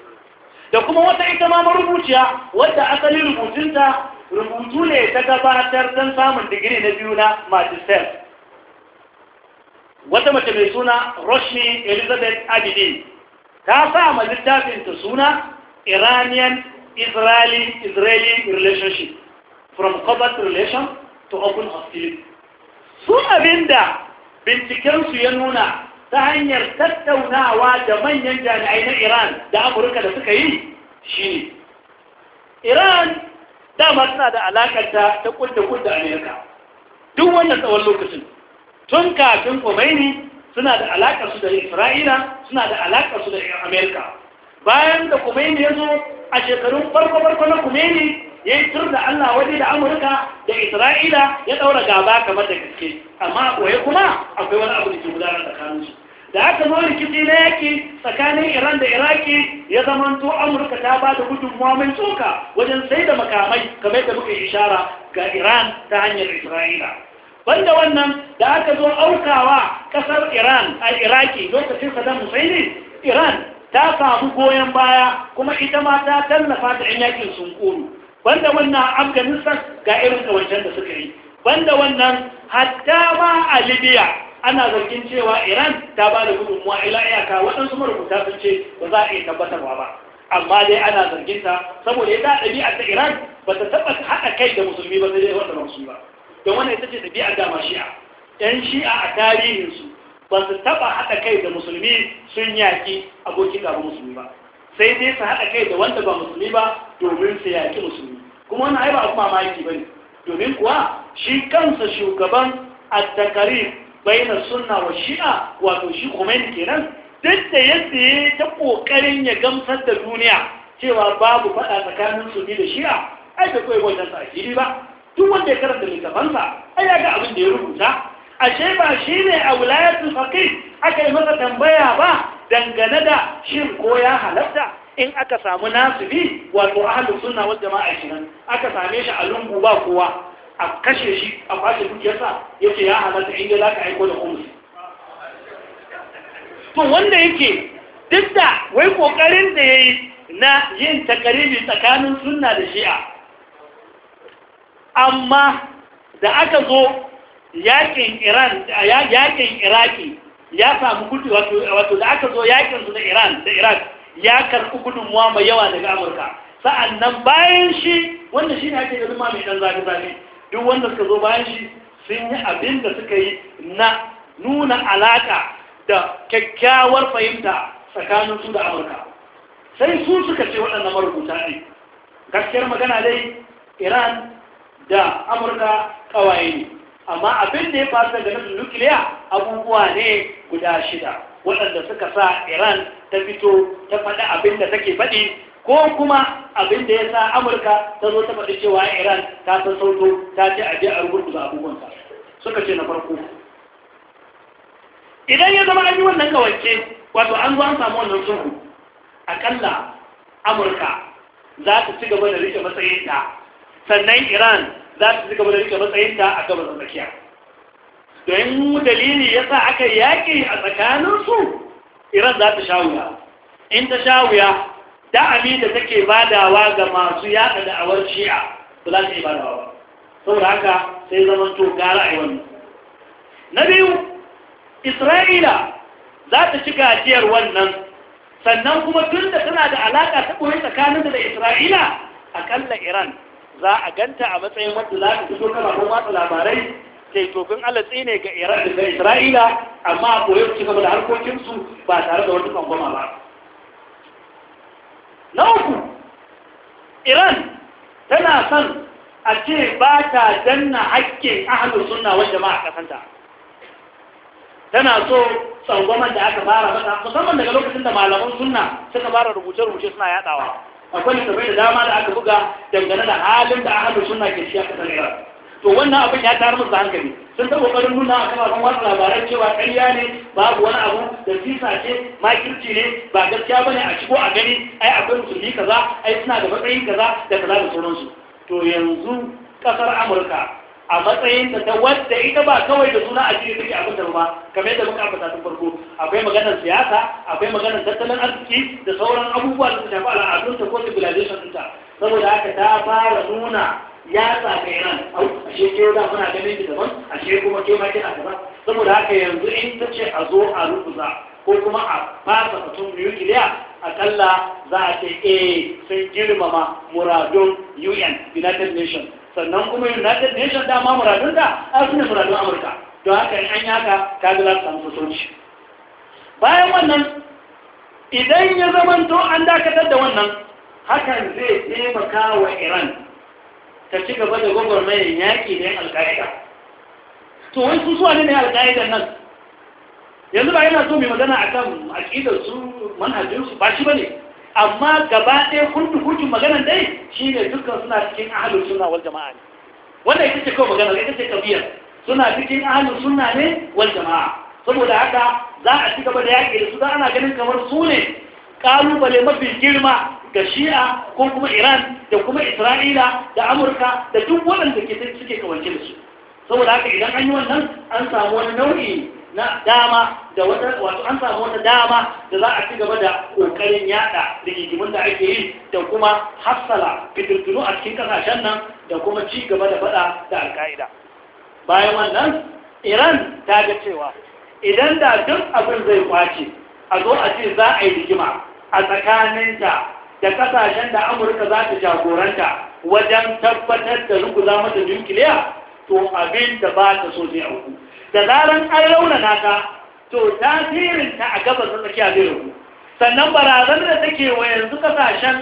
da kuma wata ita ma marubuciya wadda asalin rubutunta rubutu ne ta gabatar don samun digiri na biyu na magistel wata mace mai suna roshni elizabeth abidin ta sa ma littafinta suna iranian israeli israeli relationship from covert relation to open hostility su abinda bincikensu ya nuna ta hanyar tattaunawa da manyan jami'ai na iran da amurka da suka yi shine iran dama suna da alakanta ta ta kudda kudda amerika duk wannan tsawon lokacin tun kafin khomeini suna da alakarsu da isra'ila suna da alakarsu da amerika bayan da khomeini ya zo a shekarun farko farko na khomeini ya yi tur allah waje da amurka da isra'ila ya daura gaba kamar da gaske amma akwai kuma akwai wani abu da ke gudanar da tsakaninsu da aka zo rikici na yaki tsakanin iran da iraki ya zamanto amurka ta ba da gudunmuwa mai tsoka wajen sai da makamai kamar da muka ishara ga iran ta hanyar isra'ila banda wannan da aka zo aukawa kasar iran a iraki lokacin saddam hussein iran ta samu goyon baya kuma ita ma ta tallafa da 'yan yakin sun kuru banda wannan afghanistan ga irin kawancen da suka yi banda wannan hatta ma a libya ana zargin cewa iran ta ba da gudunmuwa ila iyaka waɗansu marubuta sun ce ba za a iya tabbatarwa ba amma dai ana zargin ta saboda ya ɗabi'a ta iran ba ta taɓa haɗa kai da musulmi ba sai dai wanda ba musulmi ba don wannan ita ce ɗabi'a dama shi'a yan shi'a a tarihinsu ba su taɓa haɗa kai da musulmi sun yaƙi abokin gaba musulmi ba sai dai su haɗa kai da wanda ba musulmi ba domin su yaƙi musulmi kuma wannan yi abu mamaki ba ne domin kuwa shi kansa shugaban at Baina sunna wa shi'a wato shi khomeini kenan duk da yadda ya ta kokarin ya gamsar da duniya cewa babu fada tsakanin sunni da shi'a ai da kai wajen tsakiri ba duk wanda ya karanta littafansa ai ya ga abin da ya rubuta ashe ba shi ne a wilayatul faqih aka yi masa tambaya ba dangane da shin ko ya halatta in aka samu nasibi wato ahlus sunna wal jama'a kenan aka same shi a lungu ba kowa a kashe shi a kwashe dukiyarsa ya ce ya halatta inda za ka aiko da kumusi to wanda yake duk da wai kokarin da ya yi na yin takaribi tsakanin suna da shi'a amma da aka zo yakin iran yakin iraki ya samu gudu wato da aka zo yakin su da iran da iraq ya karku gudunmuwa mai yawa daga amurka sa'an nan bayan shi wanda shi ne ake ganin ma mai ɗan zafi-zafi duk wanda suka zo bayan shi sun yi abin da suka yi na nuna alaƙa da kyakkyawar fahimta tsakanin su da amurka sai su suka ce waɗannan marubuta ne gaskiyar magana dai iran da amurka ƙawaye ne amma abin da ya faru daga nufin nukiliya abubuwa ne guda shida waɗanda suka sa iran ta fito ta faɗi abin da take faɗi ko kuma abin da ya sa amurka ta zo ta faɗi cewa iran ta san sauto ta ce a je a rubuta abubuwansa suka ce na farko idan ya zama an yi wannan kawance wato an zo an samu wannan sulhu akalla amurka za ta ci gaba da rike matsayinta sannan iran za ta ci gaba da rike matsayinta a gaba da tsakiya don dalili ya sa aka yaƙi a tsakaninsu iran za ta sha wuya in ta sha wuya abin da take badawa ga masu da awar shi'a to za ta yi badawa saboda haka sai zaman to gara a wannan na biyu isra'ila za ta ci gajiyar wannan sannan kuma tun da tana da alaƙa ta ɓoye tsakanin da isra'ila akalla iran za a ganta a matsayin wadda za ta fito kuma watsa labarai sai tofin alatsi ne ga iran da isra'ila amma a ɓoye su ci gaba da harkokinsu ba tare da wata kwangwama ba na uku iran tana son a ce ba ta danna haƙƙin ahalu suna wanda ma a kasanta tana so tsangwaman da aka fara mata musamman daga lokacin da malaman suna, suka fara rubuce-rubuce suna yadawa akwai littattafai da dama da aka buga dangane da halin da ahalu suna ke shi a kasar to wannan abin ya tara musu hankali sun ta kokarin nuna a kan wannan labaran cewa ƙarya ne babu wani abu da sisa ce makirci ne ba gaskiya ba ne a shigo a gani ai akwai musulmi kaza ai suna da matsayin kaza da kaza da sauransu to yanzu ƙasar amurka a matsayin da ta wadda ita ba kawai da suna a jiri take abin da ba kamar yadda muka ambata tun farko akwai maganar siyasa akwai maganar tattalin arziki da sauran abubuwa da su shafi al'adunta ko civilization ɗinta saboda haka ta fara nuna ya same ran ashe ke da muna ganin ki daban ashe kuma ke ma kina daban saboda haka yanzu in ta ce a zo a rubuta ko kuma a fasa mutum nukiliya akalla za a ce eh sun girmama muradun UN United Nations sannan kuma United Nations dama muradun da a suna muradun Amurka don haka in an yaka ta ga za su samu sosoci bayan wannan idan ya zamanto an dakatar da wannan hakan zai taimaka wa Iran ta ci gaba da gwagwarmayar yaƙi da yin alƙa'ida to wai su suwa ne ne alƙa'idan nan yanzu ba yana so mai magana a kan aƙidar su manhajinsu ba shi ba ne amma gaba ɗaya kundin hujjin maganar dai shi ne dukkan suna cikin ahalin suna wal jama'a ne wanda ita ce kawai maganar ita ce kabiyar suna cikin ahalin suna ne wal jama'a saboda haka za a ci gaba da yaƙi da su don ana ganin kamar su ne ƙalubale mafi girma ga shi'a ko kuma iran da kuma isra'ila da amurka da duk waɗanda ke suke kawance da su saboda haka idan an yi wannan an samu wani nau'i na dama da wato an samu wata dama da za a ci gaba da kokarin yada rigigimin da ake yi da kuma hassala fitirtunu a cikin ƙasashen nan da kuma ci gaba da faɗa da alƙa'ida. bayan wannan iran ta ga cewa idan da duk abin zai kwace a zo a ce za a yi rigima a tsakaninta da kasashen da amurka za ta jagoranta wajen tabbatar da ruguza mata nukiliya to abin da ba ta so zai auku da zaran an raunana ta to tasirinta a gabas na tsakiya zai ragu sannan barazan da take wa yanzu kasashen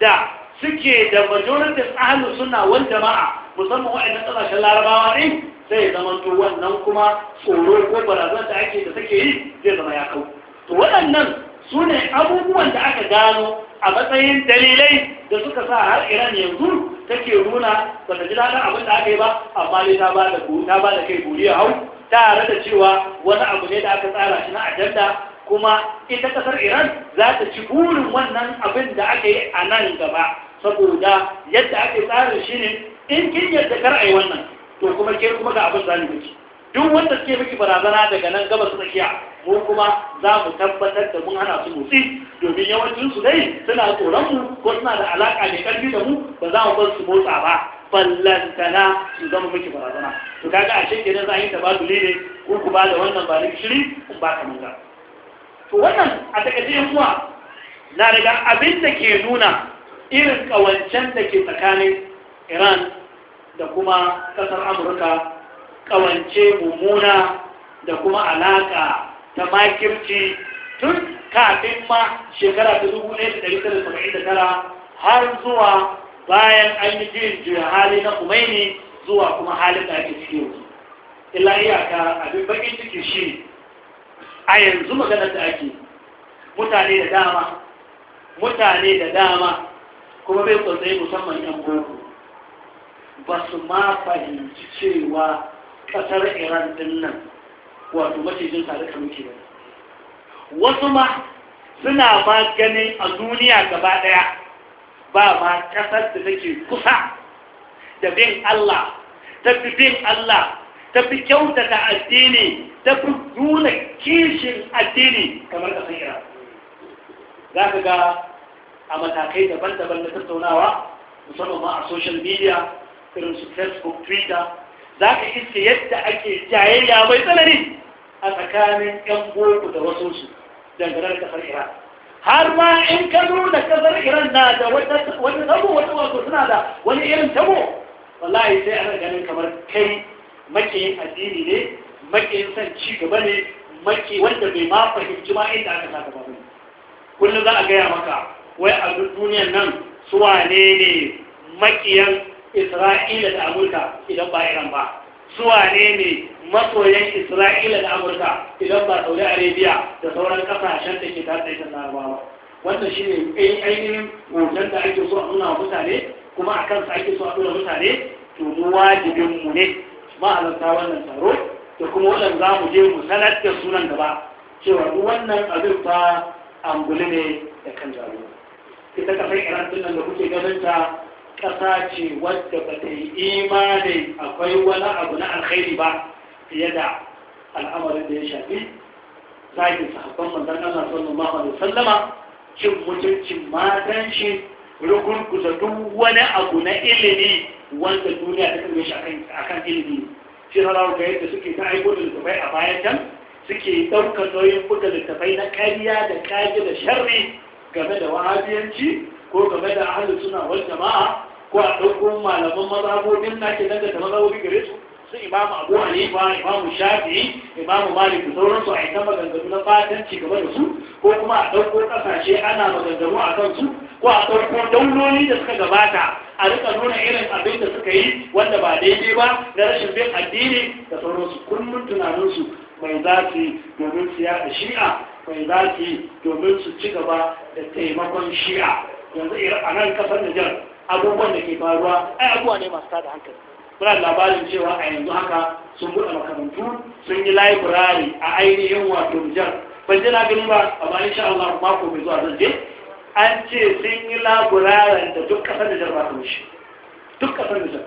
da suke da majoritin ahalu suna wani jama'a musamman waɗannan kasashen larabawa ne sai zama to wannan kuma tsoro ko barazan da ake da take yi zai zama ya kau to waɗannan su ne abubuwan da aka gano a matsayin dalilai da suka sa har iran yanzu take runa ba ta ji daɗin abin da aka yi ba amma ne ta ba da kai buri a hau tare da cewa wani abu ne da aka tsara shi na ajanda kuma ita ƙasar iran za ta ci burin wannan abin da aka yi a nan gaba saboda yadda aka tsara shi ne in kin yadda kar a yi wannan to kuma ke kuma ga abin zalimin duk wanda suke miki barazana daga nan gabas tsakiya mu kuma za mu tabbatar da mun hana su motsi domin yawancin su dai suna tsoron mu ko suna da alaka da karfi da mu ba za mu bar su motsa ba fallantana su zama miki barazana to kaga a shekke za a yi tabaduli ne ko ku ba da wannan ba niki shiri in ba ka muka to wannan a takaice kuwa na daga abin da ke nuna irin kawancen da ke tsakanin Iran da kuma kasar Amurka ƙawance mummuna da kuma alaka ta makirci tun kafin ma shekara ta dubu ɗaya da ɗari tara saba'in da tara har zuwa bayan an yi jin juya hali na umaini zuwa kuma halin da ake ciki yanzu illa iyaka abin bakin ciki shi a yanzu maganar da ake mutane da dama mutane da dama kuma bai kwasaye musamman yan boko ba su ma fahimci cewa kasar iran din nan wato macijin tare da muke ba wasu ma suna ma ganin a duniya gaba daya ba ma kasar da take kusa da bin Allah ta fi bin Allah ta fi kyautata addini ta fi nuna kishin addini kamar kasar iran za ka ga a matakai daban-daban na tattaunawa musamman ma a social media irin su facebook twitter za ka iske yadda ake jayayya mai tsanani a tsakanin 'yan boko da wasu su dangane da kasar iran har ma in ka da kasar iran na da wani tabo wata wato suna da wani irin tabo wallahi sai ana ganin kamar kai makiyin addini ne makiyin son ci gaba ne maki wanda bai ma fahimci ma inda aka saka babu kullum za a gaya maka wai a duniyan nan su wane ne makiyan isra'ila da amurka idan ba iran ba suwa ne ne masoyan isra'ila da amurka idan ba saudi arabia da sauran kasashen da ke tare ta larabawa wannan shi ne ainihin hoton da ake so a nuna wa mutane kuma a kansa ake so a nuna mutane to mu wajibinmu ne mahalarta wannan taro da kuma waɗanda za mu je mu sanar da sunan gaba cewa duk wannan abin ba anguli ne da kan jaro ita kasar iran din nan da kuke ganin ta ƙasa ce wadda ba ta yi imanin akwai wani abu na alkhairi ba fiye da al'amarin da ya shafi zagin sahabban manzan son sallallahu alaihi sallama cin mutuncin matan shi rukunkusa duk wani abu na ilimi wanda duniya ta kalme shi akan ilimi shi rarrawa ga yadda suke ta aiko da littafai a bayan can suke ɗaukar nauyin buga littafai na kariya da ƙage da sharri game da wahabiyanci ko game da ahalin suna wal jama'a ko a ɗauko malaman mazhabobin na ke dangata mazhabobi gare su su imamu abu hanifa imamu shafi, imamu malik sauransu a ita maganganu na fatan ci gaba da su ko kuma a ɗauko ƙasashe ana maganganu a kan su ko a ɗauko dauloli da suka gabata a rika nuna irin abin da suka yi wanda ba daidai ba na rashin bin addini da sauransu kullum tunaninsu mai za su yi domin su yaɗa shi'a mai za su yi domin su ci gaba da taimakon shi'a yanzu a nan ƙasar Nijar abubuwan da ke faruwa ai abuwa ne masu tada hankali muna labarin cewa a yanzu haka sun buɗe makarantu sun yi laibirari a ainihin wato jar. ban je na ba ba amma insha Allah mako mai zuwa zan je an ce sun yi laburaren da duk kasar da jarba ta wuce duk kasar da jar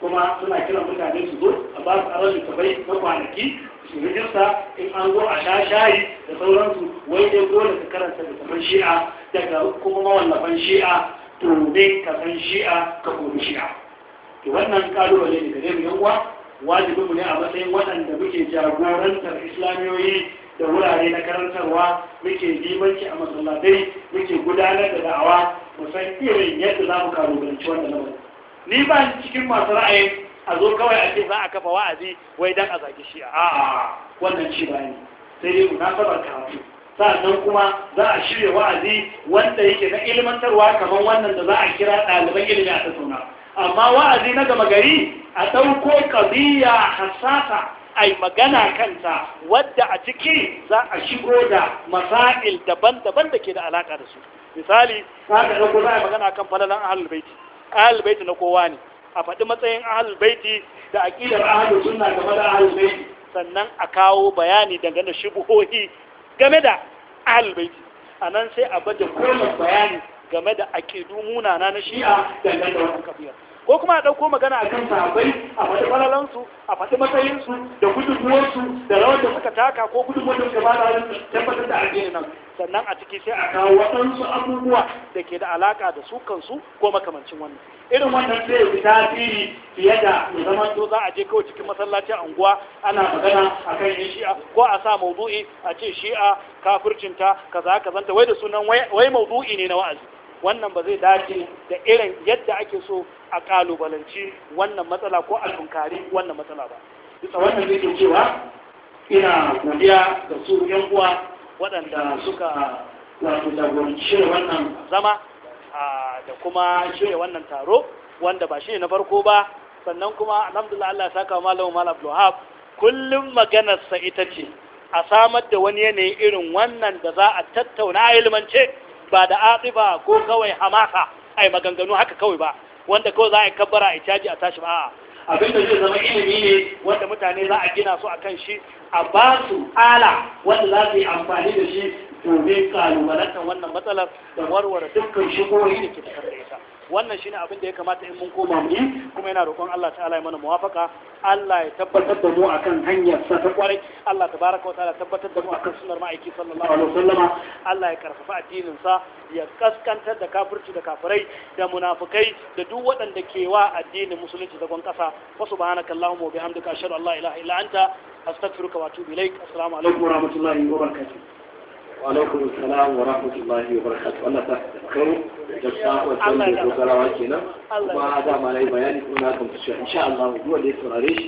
kuma suna kiran mutane su zo a ba su aron littafai na kwanaki su rijista in an zo a sha shayi da sauransu wai dai dole su karanta littafan shi'a daga kuma mawallafan shi'a dai ka san shi'a ka kuma shi'a to wannan kalubale ne gare mu yawa wajibi mu ne a matsayin waɗanda muke jagorantar islamiyoyi da wurare na karantarwa muke limanci a masallatai muke gudanar da da'awa mu san irin yadda za mu kalubalanci wannan lamarin ni ba cikin masu ra'ayin a zo kawai a ce za a kafa wa'azi wai dan a zagi shi a'a wannan shi ba ne sai dai na sabar karatu sannan kuma za a shirya wa'azi wanda yake na ilmantarwa kamar wannan da za a kira ɗaliban ilimi a tattauna amma wa'azi na gama gari a ɗauko ƙabiya hassasa a magana kanta wadda a ciki za a shigo da masail daban-daban da ke da alaƙa da su misali haka ɗauko za a magana kan falalan ahal baiti Ahal baiti na kowa ne a faɗi matsayin ahal baiti da aƙidar ahalul sunna game da ahal baiti sannan a kawo bayani dangane shubuhohi game da ahlul a nan sai a baje kullu bayani game da aqidu munana na shi'a da wannan kabiyar ko kuma a ɗauko magana a kan sahabbai a faɗi falalansu a faɗi matsayinsu da gudunmuwarsu da rawar da suka taka ko gudunmuwar da ba da don tabbatar da addini nan sannan a ciki sai a kawo waɗansu abubuwa da ke da alaƙa da su kansu ko makamancin wannan irin wannan zai fi tasiri fiye da zaman to za a je kawai cikin masallacin anguwa ana magana a kan yin shi'a ko a sa maudu'i a ce shi'a kafircinta kaza kazanta wai da sunan wai maudu'i ne na wa'azi wannan ba zai dace da irin yadda ake so a kalubalanci wannan matsala ko a tunkari wannan matsala ba bisa wannan zai cewa ina godiya ga su yan uwa waɗanda suka wato jagoranci wannan zama da kuma shirya wannan taro wanda ba shi na farko ba sannan kuma alhamdulillah Allah ya saka malamu Malam abdulhab kullum maganarsa ita ce a samar da wani yanayi irin wannan da za a tattauna a ilmance ba da atsiba ko kawai hamasa ai maganganu haka kawai ba wanda kawai za a yi kabbara a caji a tashi ba abinda zai zama ilimi ne wanda mutane za a gina su a kan shi a ba su ala wanda za su yi amfani da shi to zai kalubalantar wannan matsalar da warware dukkan shigoyi da ke tattare da ita wannan shine abin da ya kamata in mun koma mu yi kuma yana roƙon Allah ta'ala ya mana muwafaka Allah ya tabbatar da mu akan hanyar sa ta kwarai Allah tabaraka wa ta'ala tabbatar da mu akan sunnar ma'aiki sallallahu alaihi wasallama Allah ya karfafa addinin sa ya kaskantar da kafirci da kafirai da munafikai da duk waɗanda ke wa addinin musulunci da zagon ƙasa wa subhanaka allahumma wa bihamdika ashhadu an la ilaha illa anta astaghfiruka wa atubu ilaik assalamu alaikum wa rahmatullahi wa barakatuh وعليكم السلام ورحمة الله وبركاته الله تحفظكم جبتا والسلام وكلا وكنا وما هذا ما لي بياني كنا كنت إن شاء الله هو اللي يسرى